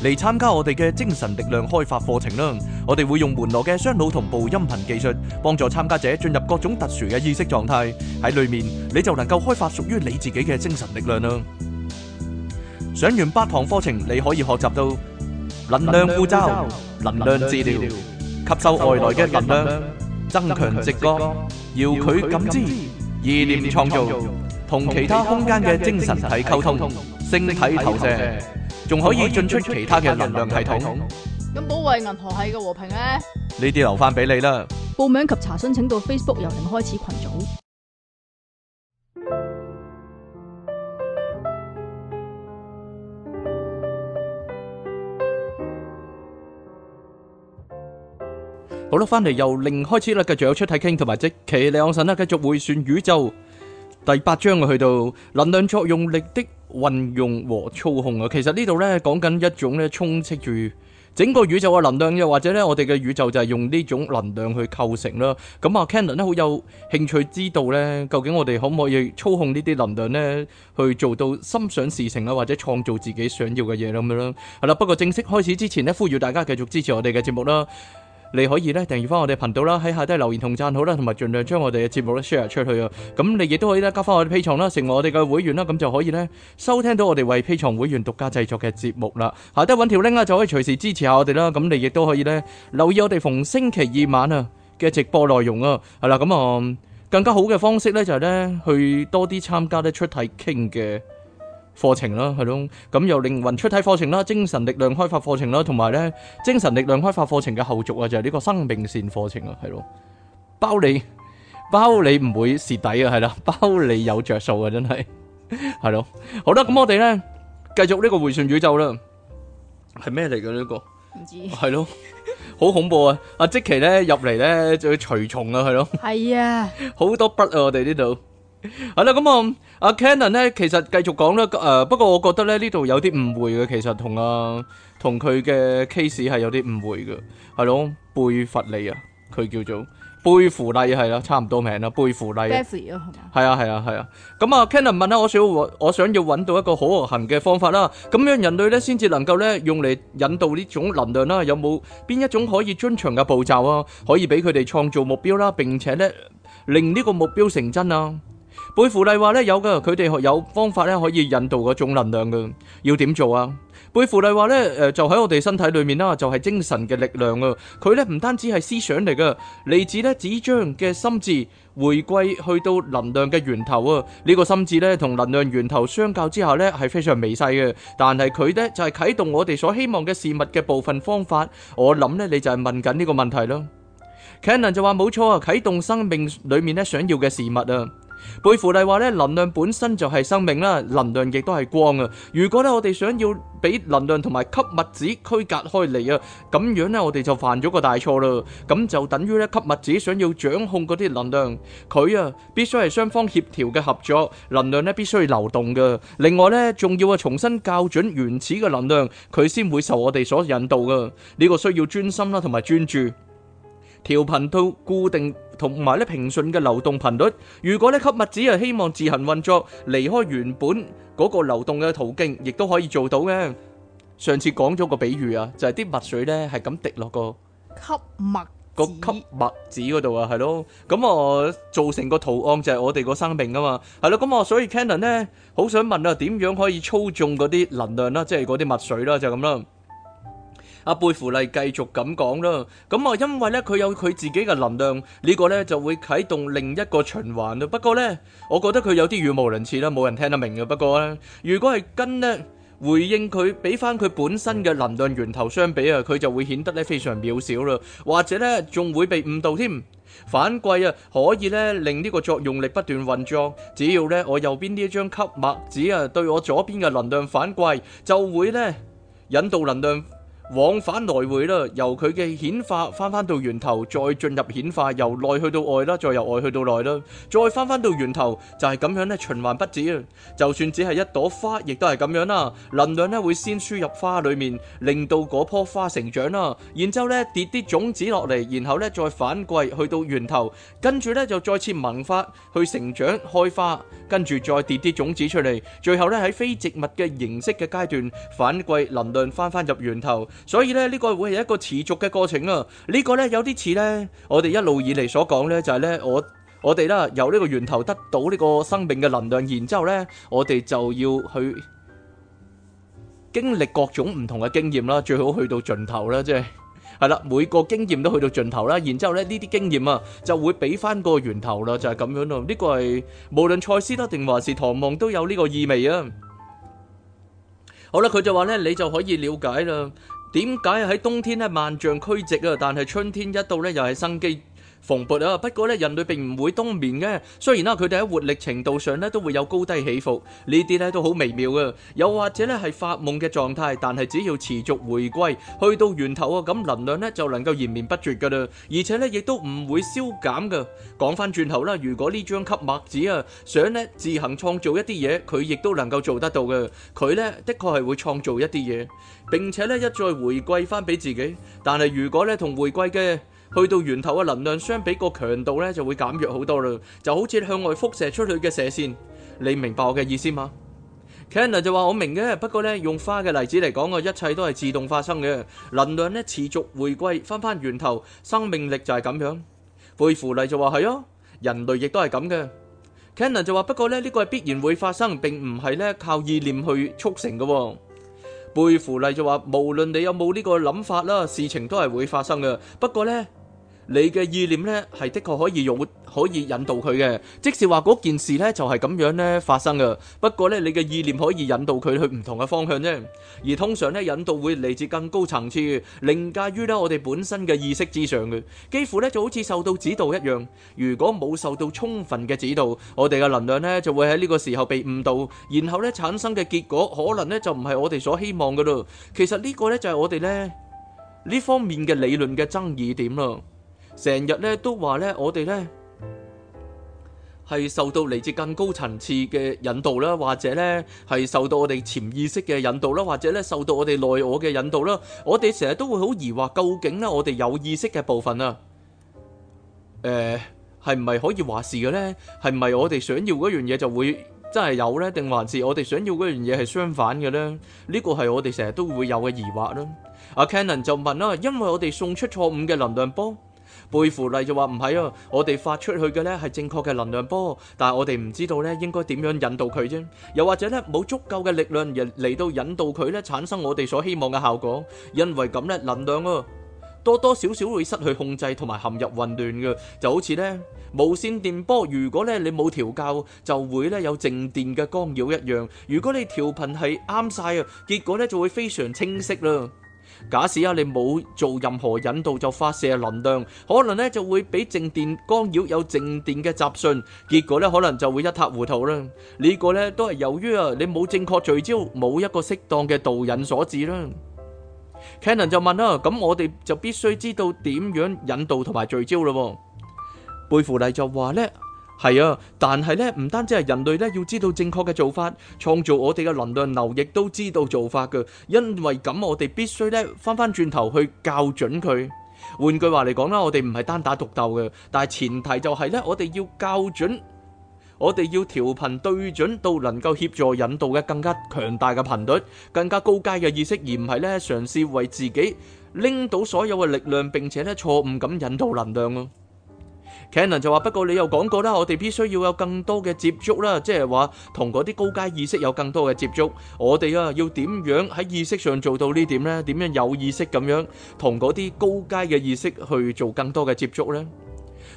嚟參加我哋嘅精神力量開發課程啦！我哋會用門羅嘅雙腦同步音頻技術，幫助參加者進入各種特殊嘅意識狀態。喺裏面你就能夠開發屬於你自己嘅精神力量啦。上完八堂課程，你可以學習到能量護罩、能量治療、吸收外來嘅能量、增強直覺。要佢感知意念創造，同其他空間嘅精神體溝通，星體投射，仲可以進出其他嘅能量系統。咁保衛銀河系嘅和平咧？呢啲留翻俾你啦。報名及查詢請到 Facebook 由零開始群組。好啦，翻嚟由零開始啦，繼續有出體傾同埋即期兩神啦，繼續回旋宇宙第八章啊，去到能量作用力的運用和操控啊。其實呢度呢，講緊一種呢充斥住整個宇宙嘅能量，又或者呢，我哋嘅宇宙就係用呢種能量去構成啦。咁、嗯、啊，Kenan 呢好有興趣知道呢，究竟我哋可唔可以操控呢啲能量呢，去做到心想事成啊，或者創造自己想要嘅嘢咁樣啦。係啦，不過正式開始之前呢，呼籲大家繼續支持我哋嘅節目啦。你可以咧訂閱翻我哋頻道啦，喺下低留言同讚好啦，同埋盡量將我哋嘅節目咧 share 出去啊。咁你亦都可以咧加翻我哋 P 床啦，成為我哋嘅會員啦，咁就可以咧收聽到我哋為 P 床會員獨家製作嘅節目啦。下低揾條 link 啊，就可以隨時支持下我哋啦。咁你亦都可以咧留意我哋逢星期二晚啊嘅直播內容啊，係啦，咁、嗯、啊更加好嘅方式咧就係咧去多啲參加咧出體傾嘅。課程啦，係咯，咁又靈魂出體課程啦，精神力量開發課程啦，同埋咧精神力量開發課程嘅後續啊，就係呢個生命線課程啊，係咯，包你包你唔會蝕底啊，係啦，包你有着數啊，真係係咯，好啦，咁我哋咧繼續呢個迴旋宇宙啦，係咩嚟嘅呢個？唔知係咯，好恐怖啊！阿即其咧入嚟咧就要除蟲啊，係咯，係啊，好多筆啊，我哋呢度。係啦，咁、 嗯、啊，阿 Cannon 咧，其實繼續講啦，誒、呃，不過我覺得咧呢度有啲誤會嘅，其實同阿同佢嘅 case 係有啲誤會嘅，係咯，貝弗利啊，佢叫做貝弗利，係啦，差唔多名啦，貝弗利 b e v 啊，係啊係啊係啊，咁啊，Cannon 問啦，我想要我想要搵到一個好可行嘅方法啦，咁樣人類咧先至能夠咧用嚟引導呢種能量啦，有冇邊一種可以遵循嘅步驟啊？可以俾佢哋創造目標啦，並且咧令呢個目標成真啊？貝芙麗話咧有噶，佢哋學有方法咧可以引導嗰種能量噶，要點做啊？貝芙麗話咧，誒就喺我哋身體裏面啦，就係精神嘅力量啊！佢咧唔單止係思想嚟噶，嚟自咧紙張嘅心智回歸去到能量嘅源頭啊！呢個心智咧同能量源頭相較之下咧係非常微細嘅，但係佢咧就係啟動我哋所希望嘅事物嘅部分方法。我諗咧你就係問緊呢個問題咯。Cannon 就話冇錯啊，啟動生命裏面咧想要嘅事物啊！貝芙利話咧，能量本身就係生命啦，能量亦都係光啊！如果咧我哋想要俾能量同埋吸物子區隔開嚟啊，咁樣咧我哋就犯咗個大錯啦！咁就等於咧吸物子想要掌控嗰啲能量，佢啊必須係雙方協調嘅合作，能量咧必須要流動噶。另外咧仲要啊重新校準原始嘅能量，佢先會受我哋所引導噶。呢、這個需要專心啦同埋專注。調頻到固定同埋咧平順嘅流動頻率，如果咧吸墨紙係希望自行運作離開原本嗰個流動嘅途徑，亦都可以做到嘅。上次講咗個比喻啊，就係啲墨水咧係咁滴落個吸墨嗰吸墨紙嗰度啊，係咯，咁啊造成個圖案就係我哋個生命㗎嘛，係咯，咁啊所以 Cannon 咧好想問啊，點樣可以操縱嗰啲能量啦，即係嗰啲墨水啦，就咁啦。阿貝芙麗繼續咁講啦，咁啊，因為咧佢有佢自己嘅能量，呢個咧就會啟動另一個循環啦。不過咧，我覺得佢有啲語無倫次啦，冇人聽得明嘅。不過咧，如果係跟咧回應佢，俾翻佢本身嘅能量源頭相比啊，佢就會顯得咧非常渺小啦，或者咧仲會被誤導添。反饋啊，可以咧令呢個作用力不斷運作，只要咧我右邊呢張吸墨紙啊，對我左邊嘅能量反饋就會咧引導能量。往返來回啦，由佢嘅顯化翻返到源頭，再進入顯化，由內去到外啦，再由外去到內啦，再翻返到源頭，就係咁樣咧，循環不止啊！就算只係一朵花，亦都係咁樣啦。能量咧會先輸入花裡面，令到嗰棵花成長啦，然之後咧跌啲種子落嚟，然後咧再反季去到源頭，跟住咧就再次萌發去成長開花，跟住再跌啲種子出嚟，最後咧喺非植物嘅形式嘅階段反季能量翻返入源頭。所以咧，呢個會係一個持續嘅過程啊！呢個咧有啲似咧，我哋一路以嚟所講咧，就係咧我我哋啦由呢個源頭得到呢個生命嘅能量，然之後咧我哋就要去經歷各種唔同嘅經驗啦，最好去到盡頭啦，即係係啦，每個經驗都去到盡頭啦，然之後咧呢啲經驗啊就會俾翻個源頭啦，就係咁樣咯。呢個係無論賽斯德定還是唐望都有呢個意味啊！好啦，佢就話咧，你就可以了解啦。點解喺冬天呢萬象俱寂啊？但係春天一到呢，又係生機蓬勃啊！不過咧，人類並唔會冬眠嘅。雖然啦，佢哋喺活力程度上咧都會有高低起伏，呢啲咧都好微妙嘅。又或者咧係發夢嘅狀態，但係只要持續回歸，去到源頭啊，咁能量咧就能夠延綿不絕噶啦。而且咧亦都唔會消減嘅㗎。講翻轉頭啦，如果呢張吸墨紙啊想咧自行創造一啲嘢，佢亦都能夠做得到嘅。佢咧的確係會創造一啲嘢，並且咧一再回歸翻俾自己。但係如果咧同回歸嘅，去到源頭嘅能量相比個強度咧，就會減弱好多啦，就好似向外輻射出去嘅射線。你明白我嘅意思嗎？Kennan 就話我明嘅，不過咧用花嘅例子嚟講，我一切都係自動發生嘅，能量咧持續回歸，翻翻源頭，生命力就係咁樣。貝芙麗就話係啊，人類亦都係咁嘅。Kennan 就話，不過咧呢個係必然會發生，並唔係咧靠意念去促成嘅。貝芙麗就話，無論你有冇呢個諗法啦，事情都係會發生嘅。不過咧。你嘅意念咧，係的確可以用，可以引導佢嘅，即使話嗰件事咧就係咁樣咧發生嘅。不過咧，你嘅意念可以引導佢去唔同嘅方向啫。而通常咧，引導會嚟自更高層次嘅，凌駕於咧我哋本身嘅意識之上嘅。幾乎咧就好似受到指導一樣。如果冇受到充分嘅指導，我哋嘅能量咧就會喺呢個時候被誤導，然後咧產生嘅結果可能咧就唔係我哋所希望嘅咯。其實呢個咧就係我哋咧呢方面嘅理論嘅爭議點啦。成日咧都話咧，我哋咧係受到嚟自更高層次嘅引導啦，或者咧係受到我哋潛意識嘅引導啦，或者咧受到我哋內我嘅引導啦。我哋成日都會好疑惑，究竟咧我哋有意識嘅部分啊，誒係唔係可以話事嘅咧？係唔係我哋想要嗰樣嘢就會真係有咧？定還是我哋想要嗰樣嘢係相反嘅咧？呢個係我哋成日都會有嘅疑惑啦。阿 Canon 就問啦，因為我哋送出錯誤嘅能量波。貝芙麗就話唔係啊，我哋發出去嘅咧係正確嘅能量波，但係我哋唔知道咧應該點樣引導佢啫，又或者咧冇足夠嘅力量嚟嚟到引導佢咧產生我哋所希望嘅效果，因為咁咧能量啊多多少少會失去控制同埋陷入混亂嘅，就好似咧無線電波，如果咧你冇調教就會咧有靜電嘅干擾一樣，如果你調頻係啱晒啊，結果咧就會非常清晰啦。假使啊，你冇做任何引導就發射能量，可能咧就會俾靜電干擾，有靜電嘅雜訊，結果咧可能就會一塌糊塗啦。呢個咧都係由於啊你冇正確聚焦，冇一個適當嘅導引所致啦。Canon 就問啦，咁我哋就必須知道點樣引導同埋聚焦咯。貝芙麗就話咧。係啊，但係咧，唔單止係人類咧，要知道正確嘅做法，創造我哋嘅能量流，亦都知道做法嘅。因為咁，我哋必須咧翻翻轉頭去校準佢。換句話嚟講啦，我哋唔係單打獨鬥嘅，但係前提就係咧，我哋要校準，我哋要調頻對準到能夠協助引導嘅更加強大嘅頻率，更加高階嘅意識，而唔係咧嘗試為自己拎到所有嘅力量，並且咧錯誤咁引導能量咯。Canon 就話：不過你又講過啦，我哋必須要有更多嘅接觸啦，即係話同嗰啲高階意識有更多嘅接觸。我哋啊，要點樣喺意識上做到呢點咧？點樣有意識咁樣同嗰啲高階嘅意識去做更多嘅接觸咧？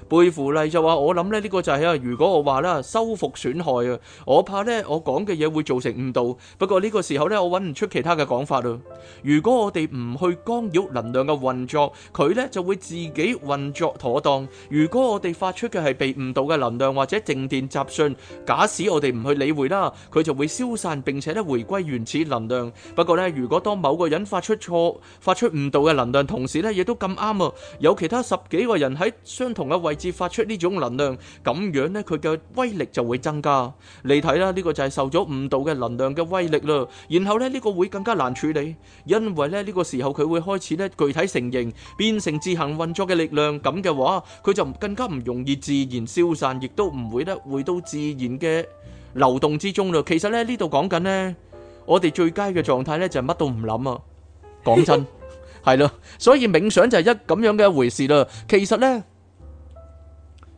貝芙麗就話，我諗咧呢個就係、是、啊，如果我話啦，修復損害啊，我怕呢我講嘅嘢會造成誤導。不過呢個時候呢，我揾唔出其他嘅講法咯。如果我哋唔去干擾能量嘅運作，佢呢就會自己運作妥當。如果我哋發出嘅係被誤導嘅能量或者靜電雜訊，假使我哋唔去理會啦，佢就會消散並且咧回歸原始能量。不過呢，如果當某個人發出錯、發出誤導嘅能量，同時呢，亦都咁啱啊，有其他十幾個人喺相同嘅位置發出呢種能量，咁樣咧佢嘅威力就會增加。你睇啦，呢個就係受咗誤導嘅能量嘅威力啦。然後咧呢個會更加難處理，因為咧呢個時候佢會開始咧具體成型，變成自行運作嘅力量。咁嘅話，佢就更加唔容易自然消散，亦都唔會咧回到自然嘅流動之中啦。其實咧呢度講緊咧，我哋最佳嘅狀態咧就係乜都唔諗啊。講真係咯，所以冥想就係一咁樣嘅一回事啦。其實咧。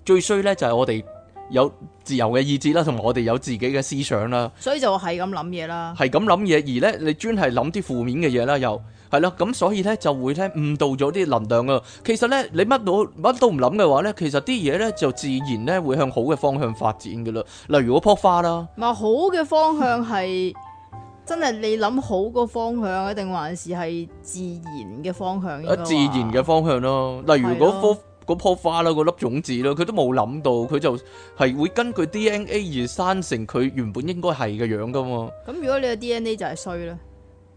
最衰咧就係我哋有自由嘅意志啦，同埋我哋有自己嘅思想啦，所以就係咁諗嘢啦，係咁諗嘢，而咧你專係諗啲負面嘅嘢啦，又係啦，咁所以咧就會咧誤導咗啲能量啊。其實咧你乜都乜都唔諗嘅話咧，其實啲嘢咧就自然咧會向好嘅方向發展噶啦。例如嗰棵花啦，咪好嘅方向係 真係你諗好個方向，一定還是係自然嘅方向？自然嘅方向咯。例如嗰棵。嗰棵花啦，嗰粒種子啦，佢都冇諗到，佢就係會根據 DNA 而生成佢原本應該係嘅樣噶嘛。咁如果你嘅 DNA 就係衰啦，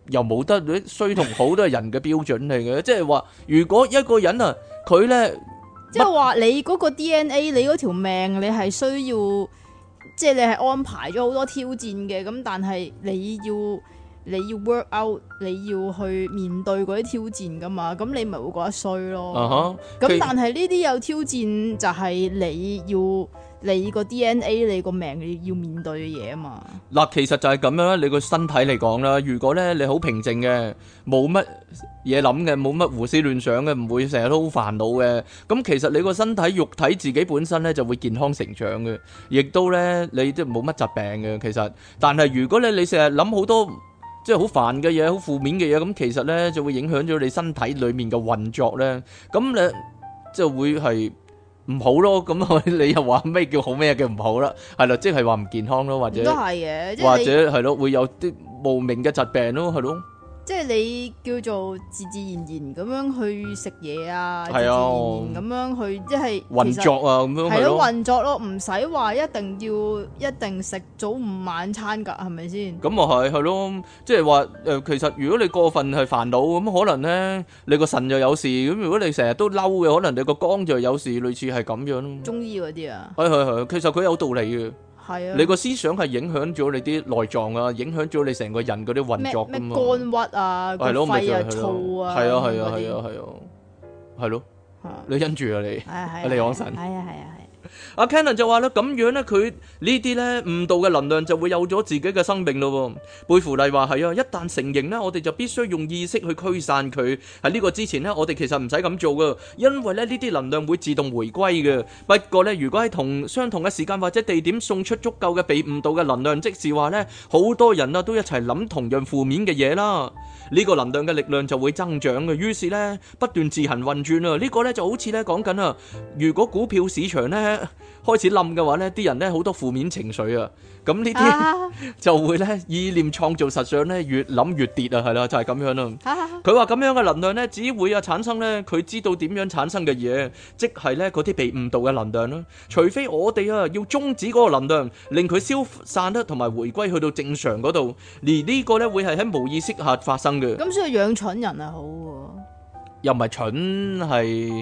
又冇得，衰同好都係人嘅標準嚟嘅，即係話如果一個人啊，佢咧，即係話你嗰個 DNA，你嗰條命，你係需要，即係你係安排咗好多挑戰嘅，咁但係你要。你要 work out，你要去面對嗰啲挑戰㗎嘛？咁你咪會覺得衰咯。咁但係呢啲有挑戰就係你要你個 DNA、你個命要面對嘅嘢啊嘛。嗱，其實就係咁樣啦。你個身體嚟講啦，如果咧你好平靜嘅，冇乜嘢諗嘅，冇乜胡思亂想嘅，唔會成日都好煩惱嘅，咁其實你個身體肉體自己本身咧就會健康成長嘅，亦都咧你都冇乜疾病嘅。其實，但係如果你你成日諗好多。即係好煩嘅嘢，好負面嘅嘢，咁其實咧就會影響咗你身體裏面嘅運作咧，咁你即係會係唔好咯，咁你又話咩叫好，咩叫唔好啦，係啦，即係話唔健康咯，或者都係嘅，或者係咯，會有啲無名嘅疾病咯，係咯。即係你叫做自自然然咁樣去食嘢啊，係啊，自自然然咁樣去，即係運作啊咁樣係咯，運作咯，唔使話一定要一定食早午晚餐噶，係咪先？咁啊係係咯，即係話誒，其實如果你過分係煩惱咁，可能咧你個腎就有事，咁如果你成日都嬲嘅，可能你個肝就有事，類似係咁樣。中醫嗰啲啊？係係係，其實佢有道理嘅。係啊，你個思想係影響咗你啲內臟啊，影響咗你成個人啲運作啊嘛，肝鬱啊，係咯，啊，燥啊，係啊，係啊，係啊，係啊，係咯。你因住啊你，係啊，你我神。係啊，係啊，係。阿 k e n n e n 就話咧，咁樣呢，佢呢啲呢誤導嘅能量就會有咗自己嘅生命咯。貝芙麗話係啊，一旦承認呢，我哋就必須用意識去驅散佢。喺呢個之前呢，我哋其實唔使咁做噶，因為咧呢啲能量會自動回歸嘅。不過呢，如果喺同相同嘅時間或者地點送出足夠嘅被誤導嘅能量，即是話呢，好多人啊都一齊諗同樣負面嘅嘢啦，呢、這個能量嘅力量就會增長嘅，於是呢，不斷自行運轉啊。呢、這個呢就好似呢講緊啊，如果股票市場呢。開始冧嘅話呢啲人呢，好多負面情緒啊，咁呢啲就會呢意念創造實相呢，越諗越跌、就是、啊，係啦就係咁樣啦。佢話咁樣嘅能量呢，只會啊產生呢，佢知道點樣產生嘅嘢，即係呢嗰啲被誤導嘅能量啦。除非我哋啊要終止嗰個能量，令佢消散得同埋回歸去到正常嗰度，而呢個呢，會係喺無意識下發生嘅。咁所以養蠢人係好、啊，又唔係蠢係。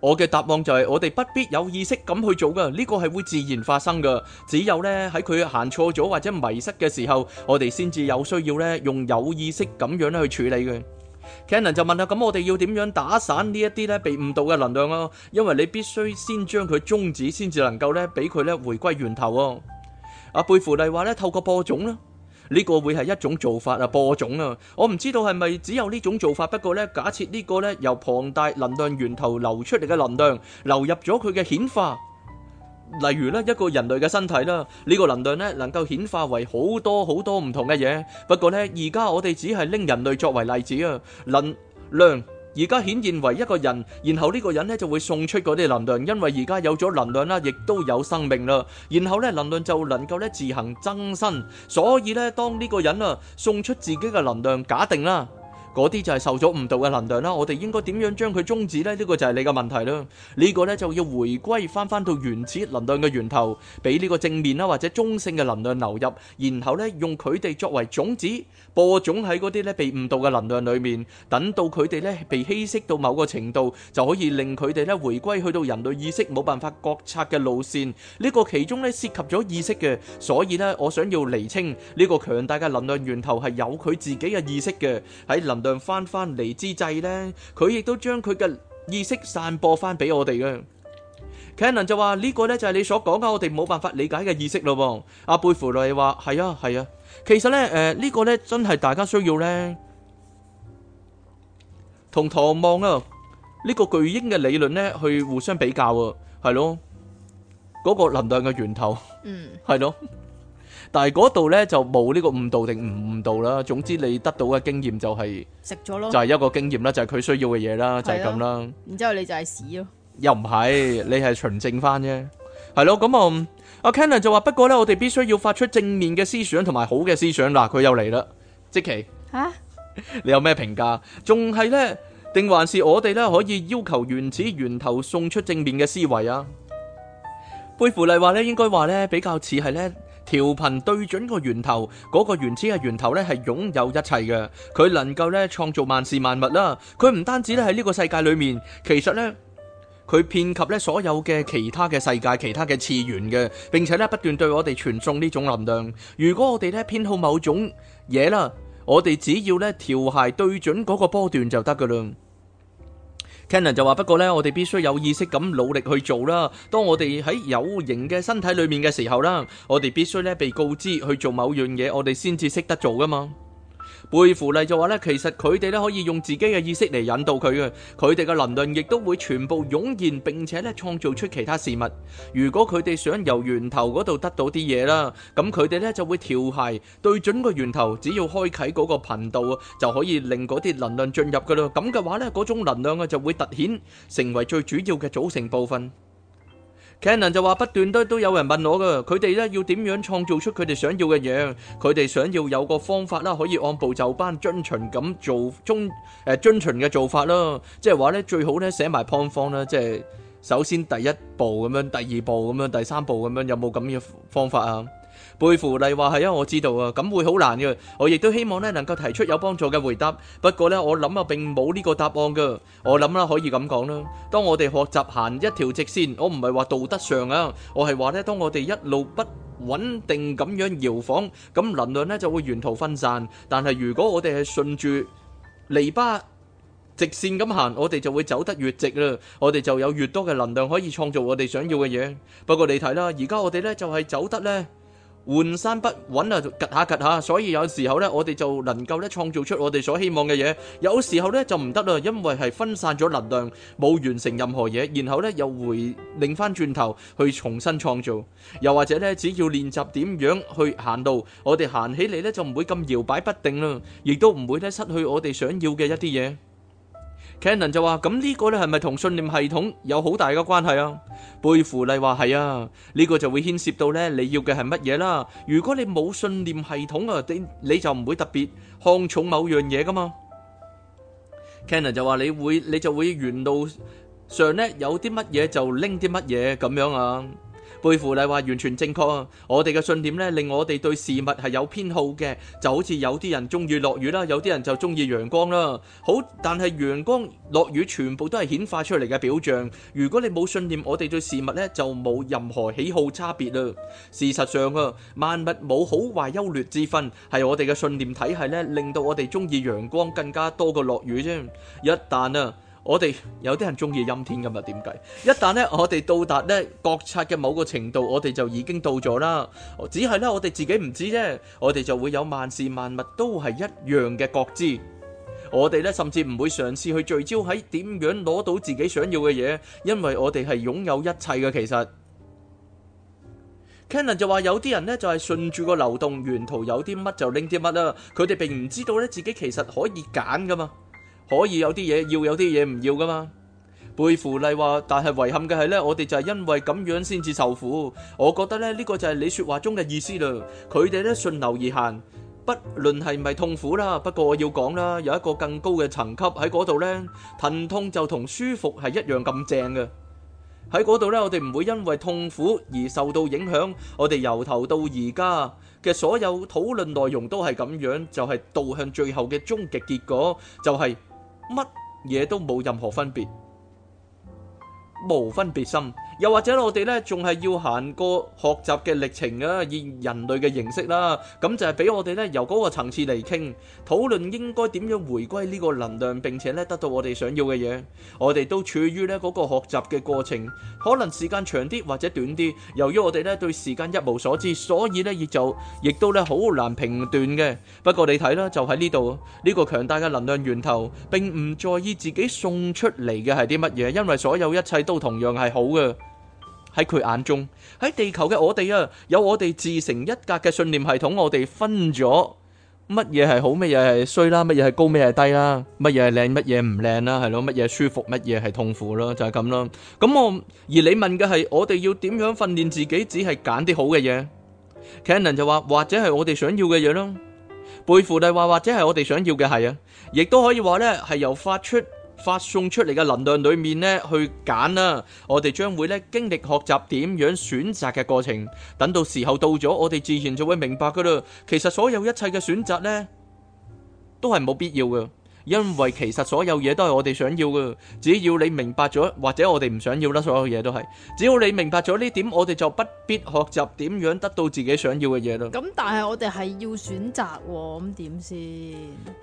我嘅答案就係，我哋不必有意識咁去做噶，呢個係會自然發生噶。只有咧喺佢行錯咗或者迷失嘅時候，我哋先至有需要咧用有意識咁樣咧去處理嘅。Cannon 就問啊，咁我哋要點樣打散呢一啲咧被誤導嘅能量咯？因為你必須先將佢終止，先至能夠咧俾佢咧回歸源頭。阿貝芙麗話咧，透過播種啦。呢個會係一種做法啊，播種啊，我唔知道係咪只有呢種做法。不過呢，假設呢個呢，由龐大能量源頭流出嚟嘅能量流入咗佢嘅顯化，例如呢，一個人類嘅身體啦，呢、呢個能量呢，能夠顯化為好多好多唔同嘅嘢。不過呢，而家我哋只係拎人類作為例子啊，能量。而家顯現為一個人，然後呢個人咧就會送出嗰啲能量，因為而家有咗能量啦，亦都有生命啦，然後咧能量就能夠咧自行增生，所以咧當呢個人啊送出自己嘅能量，假定啦。嗰啲就係受咗誤導嘅能量啦，我哋應該點樣將佢終止呢？呢個就係你嘅問題啦。呢個呢就要回歸返返到原始能量嘅源頭，俾呢個正面啦或者中性嘅能量流入，然後呢用佢哋作為種子播種喺嗰啲呢被誤導嘅能量裏面，等到佢哋呢被稀釋到某個程度，就可以令佢哋呢回歸去到人類意識冇辦法覺察嘅路線。呢個其中呢涉及咗意識嘅，所以呢我想要釐清呢個強大嘅能量源頭係有佢自己嘅意識嘅喺林。量翻翻嚟之際咧，佢亦都將佢嘅意識散播翻俾我哋嘅。Cannon 就話呢個咧就係你所講嘅，我哋冇辦法理解嘅意識咯。阿貝芙利話係啊係啊，其實咧誒呢個咧真係大家需要咧，同唐望啊呢個巨嬰嘅理論咧去互相比較啊，係咯，嗰個能量嘅源頭，嗯，係咯。但係嗰度呢，就冇呢個誤導定唔誤導啦，總之你得到嘅經驗就係食咗咯，就係一個經驗啦，就係、是、佢需要嘅嘢啦，了就係咁啦。然之後你就係屎 咯？又唔係？你係純正翻啫？係咯？咁啊，阿 Ken 就話：不過呢，我哋必須要發出正面嘅思想同埋好嘅思想嗱，佢又嚟啦，即其吓，啊、 你有咩評價？仲係呢？定還是我哋呢？可以要求原始源頭送出正面嘅思維啊？背芙麗話呢，應該話呢，比較似係呢。調頻對準個源頭，嗰個原始嘅源頭咧係擁有一切嘅，佢能夠咧創造萬事萬物啦。佢唔單止咧喺呢個世界裏面，其實咧佢遍及咧所有嘅其他嘅世界、其他嘅次元嘅，並且咧不斷對我哋傳送呢種能量。如果我哋咧偏好某種嘢啦，我哋只要咧調諧對準嗰個波段就得噶啦。Kenon 就話：不過咧，我哋必須有意識咁努力去做啦。當我哋喺有形嘅身體裏面嘅時候啦，我哋必須咧被告知去做某樣嘢，我哋先至識得做㗎嘛。貝芙麗就話咧，其實佢哋咧可以用自己嘅意識嚟引導佢嘅，佢哋嘅能量亦都會全部湧現並且咧創造出其他事物。如果佢哋想由源頭嗰度得到啲嘢啦，咁佢哋咧就會調諧對準個源頭，只要開啟嗰個頻道，就可以令嗰啲能量進入㗎喇。咁嘅話咧，嗰種能量啊就會突顯成為最主要嘅組成部分。Canon 就話不斷都都有人問我噶，佢哋咧要點樣創造出佢哋想要嘅嘢？佢哋想要有個方法啦，可以按部就班遵循咁做，遵誒遵循嘅做法啦。即係話咧，最好咧寫埋 plan form 啦。即係首先第一步咁樣，第二步咁樣，第三步咁樣，有冇咁嘅方法啊？貝芙麗話係啊，我知道啊，咁會好難嘅。我亦都希望咧能夠提出有幫助嘅回答。不過咧，我諗啊，並冇呢個答案噶。我諗啦，可以咁講啦。當我哋學習行一條直線，我唔係話道德上啊，我係話咧，當我哋一路不穩定咁樣搖晃，咁能量咧就會沿途分散。但係如果我哋係順住籬笆直線咁行，我哋就會走得越直啦。我哋就有越多嘅能量可以創造我哋想要嘅嘢。不過你睇啦，而家我哋咧就係走得咧。換山不穩啊，𥨊 下 𥨊 下，所以有時候咧，我哋就能夠咧創造出我哋所希望嘅嘢。有時候咧就唔得啦，因為係分散咗能量，冇完成任何嘢，然後咧又回擰翻轉回頭去重新創造。又或者咧，只要練習點樣去行路，我哋行起嚟咧就唔會咁搖擺不定啦，亦都唔會咧失去我哋想要嘅一啲嘢。Canon 就話：咁呢個咧係咪同信念系統有好大嘅關係啊？貝芙麗話係啊，呢個就會牽涉到咧你要嘅係乜嘢啦。如果你冇信念系統啊，你你就唔會特別看重某樣嘢噶嘛。Canon 就話：你會你就會沿路上咧有啲乜嘢就拎啲乜嘢咁樣啊。背負嚟話，完全正確啊！我哋嘅信念咧，令我哋對事物係有偏好嘅，就好似有啲人中意落雨啦，有啲人就中意陽光啦。好，但係陽光、落雨全部都係顯化出嚟嘅表象。如果你冇信念，我哋對事物咧就冇任何喜好差別啦。事實上啊，萬物冇好壞優劣之分，係我哋嘅信念體系咧，令到我哋中意陽光更加多過落雨啫。一旦啊。我哋有啲人中意陰天噶嘛？點解？一旦咧，我哋到達咧覺察嘅某個程度，我哋就已經到咗啦。只係咧，我哋自己唔知啫。我哋就會有萬事萬物都係一樣嘅覺知。我哋咧甚至唔會嘗試去聚焦喺點樣攞到自己想要嘅嘢，因為我哋係擁有一切嘅。其實，Cannon 就話有啲人咧就係順住個流動，沿途有啲乜就拎啲乜啦。佢哋並唔知道咧自己其實可以揀噶嘛。可以有啲嘢要有啲嘢唔要噶嘛？貝芙麗話，但係遺憾嘅係咧，我哋就係因為咁樣先至受苦。我覺得咧呢個就係你說話中嘅意思啦。佢哋咧順流而行，不論係咪痛苦啦。不過我要講啦，有一個更高嘅層級喺嗰度咧，疼痛就同舒服係一樣咁正嘅。喺嗰度咧，我哋唔會因為痛苦而受到影響。我哋由頭到而家嘅所有討論內容都係咁樣，就係導向最後嘅終極結果，就係。乜嘢都冇任何分別，無分別心。又或者我哋咧仲係要行過學習嘅歷程啊，以人類嘅形式啦，咁就係俾我哋咧由嗰個層次嚟傾，討論應該點樣回歸呢個能量，並且咧得到我哋想要嘅嘢。我哋都處於咧嗰個學習嘅過程，可能時間長啲或者短啲。由於我哋咧對時間一無所知，所以咧亦就亦都咧好難評斷嘅。不過你睇啦，就喺呢度，呢個強大嘅能量源頭，並唔在意自己送出嚟嘅係啲乜嘢，因為所有一切都同樣係好嘅。喺佢眼中，喺地球嘅我哋啊，有我哋自成一格嘅信念系統，我哋分咗乜嘢係好，乜嘢係衰啦，乜嘢係高，咩嘢係低啦，乜嘢係靚，乜嘢唔靚啦，係咯，乜嘢舒服，乜嘢係痛苦咯，就係咁咯。咁我而你問嘅係我哋要點樣訓練自己，只係揀啲好嘅嘢？Cannon 就話，或者係我哋想要嘅嘢咯。背負帝話，或者係我哋想要嘅係啊，亦都可以話咧係由發出。發送出嚟嘅能量裏面呢，去揀啦。我哋將會呢，經歷學習點樣選擇嘅過程。等到時候到咗，我哋自然就會明白㗎喇。其實所有一切嘅選擇呢，都係冇必要嘅。因為其實所有嘢都係我哋想要嘅，只要你明白咗，或者我哋唔想要啦，所有嘢都係。只要你明白咗呢點，我哋就不必學習點樣得到自己想要嘅嘢咯。咁但係我哋係要選擇喎、哦，咁點先？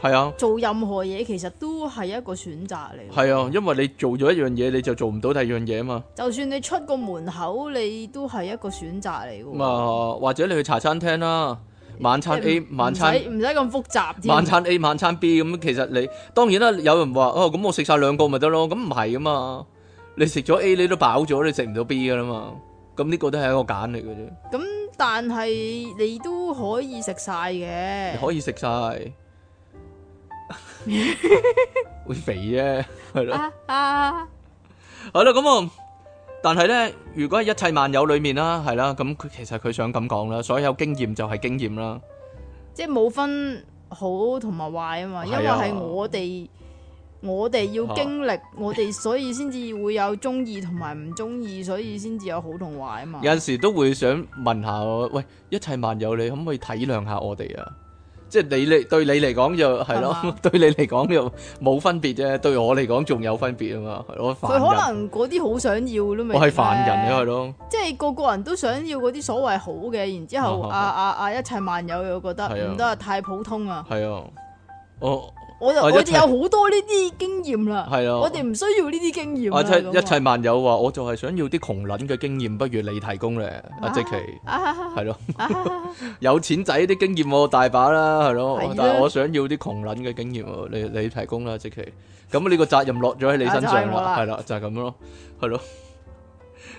係啊，做任何嘢其實都係一個選擇嚟。係啊，因為你做咗一樣嘢，你就做唔到第二樣嘢啊嘛。就算你出個門口，你都係一個選擇嚟嘅。或者你去茶餐廳啦。晚餐 A 晚餐唔使咁複雜。晚餐 A 晚餐 B 咁、嗯，其實你當然啦。有人話哦，咁我食晒兩個咪得咯。咁唔係噶嘛，你食咗 A 你都飽咗，你食唔到 B 噶啦嘛。咁呢個都係一個揀嚟嘅啫。咁但係你都可以食晒嘅，你可以食晒， 會肥啫的，係 咯了。係咯， 咁啊。啊 但係呢，如果係一切萬有裏面啦，係啦，咁佢其實佢想咁講啦，所有經驗就係經驗啦，即係冇分好同埋壞啊嘛，啊因為係我哋，我哋要經歷，啊、 我哋所以先至會有中意同埋唔中意，所以先至有好同壞啊嘛。有陣時都會想問下，喂，一切萬有，你可唔可以體諒下我哋啊？即係你嚟對你嚟講就係咯，對你嚟講又冇分別啫，對我嚟講仲有分別啊嘛，我凡佢可能嗰啲好想要都未。我係凡人咯，係咯，即係個個人都想要嗰啲所謂好嘅，然之後啊啊啊，啊，啊一切萬有又覺得唔得、啊、太普通啊，係啊，我。我就我哋有好多呢啲經驗啦，我哋唔需要呢啲經驗一切萬有啊！我就係了想要啲窮撚嘅經驗，不如你提供咧，阿即、啊、奇，係咯，有錢仔啲經驗我大把啦，係咯，了但係我想要啲窮撚嘅經驗，你你提供啦，即奇，咁呢個責任落咗喺你身上啦，係啦、啊，就係咁咯，係咯，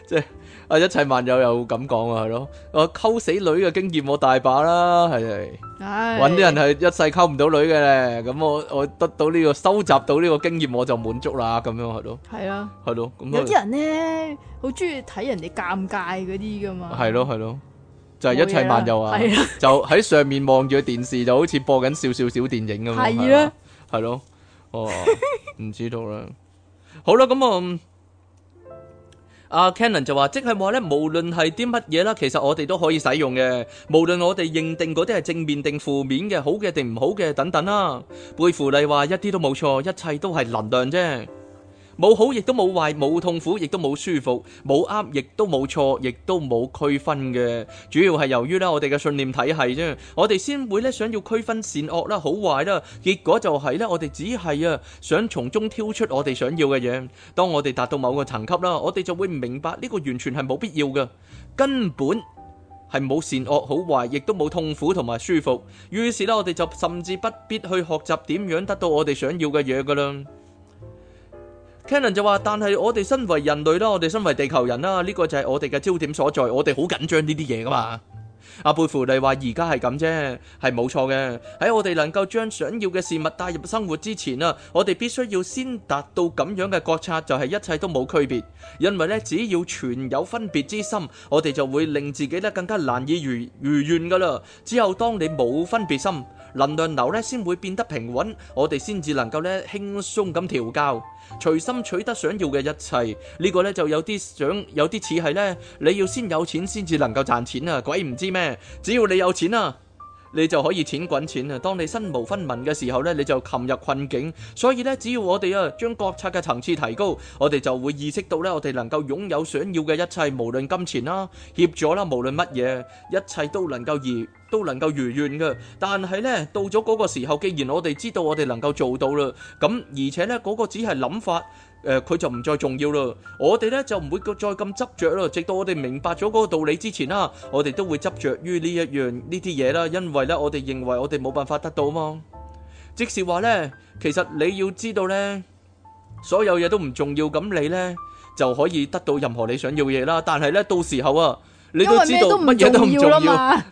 即、就是。啊！一切萬有又咁講啊，係咯，我溝死女嘅經驗我大把啦，係，搵啲人係一世溝唔到女嘅咧，咁我我得到呢個收集到呢個經驗我就滿足啦，咁樣係咯，係啊，係咯，咁有啲人咧好中意睇人哋尷尬嗰啲㗎嘛，係咯係咯，就係一切萬有啊，就喺上面望住個電視就好似播緊少少小電影咁樣，係咯，係咯，哦，唔知道啦，好啦，咁我。阿 Canon 就話，即係話咧，無論係啲乜嘢啦，其實我哋都可以使用嘅。無論我哋認定嗰啲係正面定負面嘅，好嘅定唔好嘅，等等啦。貝芙麗話一啲都冇錯，一切都係能量啫。冇好，亦都冇壞，冇痛苦，亦都冇舒服，冇啱，亦都冇錯，亦都冇區分嘅。主要係由於咧，我哋嘅信念體系啫，我哋先會咧想要區分善惡啦、好壞啦。結果就係咧，我哋只係啊想從中挑出我哋想要嘅嘢。當我哋達到某個層級啦，我哋就會明白呢個完全係冇必要嘅，根本係冇善惡、好壞，亦都冇痛苦同埋舒服。於是咧，我哋就甚至不必去學習點樣得到我哋想要嘅嘢噶啦。Ken o n 就話：但係我哋身為人類啦，我哋身為地球人啦，呢、這個就係我哋嘅焦點所在。我哋好緊張呢啲嘢噶嘛？阿貝芙利話：你而家係咁啫，係冇錯嘅。喺我哋能夠將想要嘅事物帶入生活之前啊，我哋必須要先達到咁樣嘅覺察，就係、是、一切都冇區別。因為咧，只要存有分別之心，我哋就會令自己咧更加難以如如願噶啦。只有當你冇分別心，能量流咧先會變得平穩，我哋先至能夠咧輕鬆咁調教，隨心取得想要嘅一切。呢個咧就有啲想，有啲似係咧，你要先有錢先至能夠賺錢啊！鬼唔知咩，只要你有錢啊！你就可以錢滾錢啊！當你身無分文嘅時候咧，你就陷入困境。所以咧，只要我哋啊將覺察嘅層次提高，我哋就會意識到咧，我哋能夠擁有想要嘅一切，無論金錢啦、協助啦，無論乜嘢，一切都能夠如都能夠如願嘅。但係咧，到咗嗰個時候，既然我哋知道我哋能夠做到啦，咁而且咧嗰個只係諗法。誒，佢就唔再重要咯。我哋咧就唔會再咁執着咯。直到我哋明白咗嗰個道理之前啦，我哋都會執着於呢一樣呢啲嘢啦。因為咧，我哋認為我哋冇辦法得到嘛。即是話咧，其實你要知道咧，所有嘢都唔重要。咁你咧就可以得到任何你想要嘅嘢啦。但係咧，到時候啊，你都知道乜嘢都唔重要，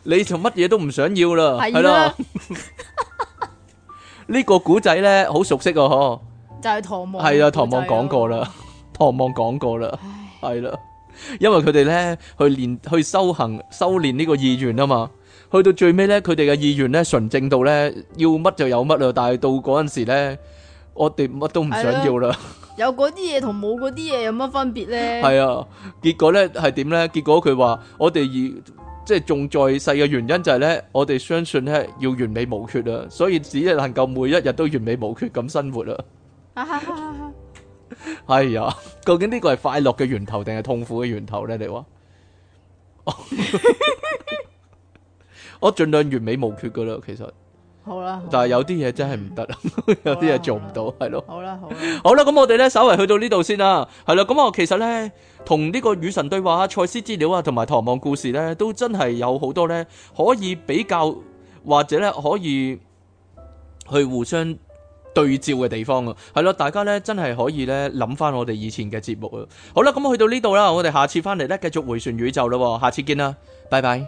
你就乜嘢都唔想要啦。係啦，呢個古仔咧好熟悉啊，嗬。就係唐望係啊，唐望講過啦，唐望講過啦，係啦唉，因為佢哋咧去練去修行修煉呢個意願啊嘛，去到最尾咧，佢哋嘅意願咧純正到咧要乜就有乜啦，但係到嗰陣時咧，我哋乜都唔想要啦，有嗰啲嘢同冇嗰啲嘢有乜分別咧？係啊，結果咧係點咧？結果佢話我哋而即係仲在世嘅原因就係咧，我哋相信咧要完美無缺啊，所以只能夠每一日都完美無缺咁生活啊。 哎呀，究竟呢個係快樂嘅源頭定係痛苦嘅源頭呢？你話， 我我盡量完美無缺噶啦，其實。好啦，好啦，但係有啲嘢真係唔得，了 有啲嘢做唔到，係咯了的。好啦， 好啦，咁我哋呢，稍微去到呢度先啦。係啦，咁啊，其實呢，同呢個與神對話、賽斯資料啊，同埋唐望故事呢，都真係有好多呢，可以比較或者呢，可以去互相。對照嘅地方啊，係咯，大家咧真係可以咧諗翻我哋以前嘅節目啊。好啦，咁，嗯，去到呢度啦，我哋下次翻嚟咧繼續迴旋宇宙啦。下次見啦，拜拜。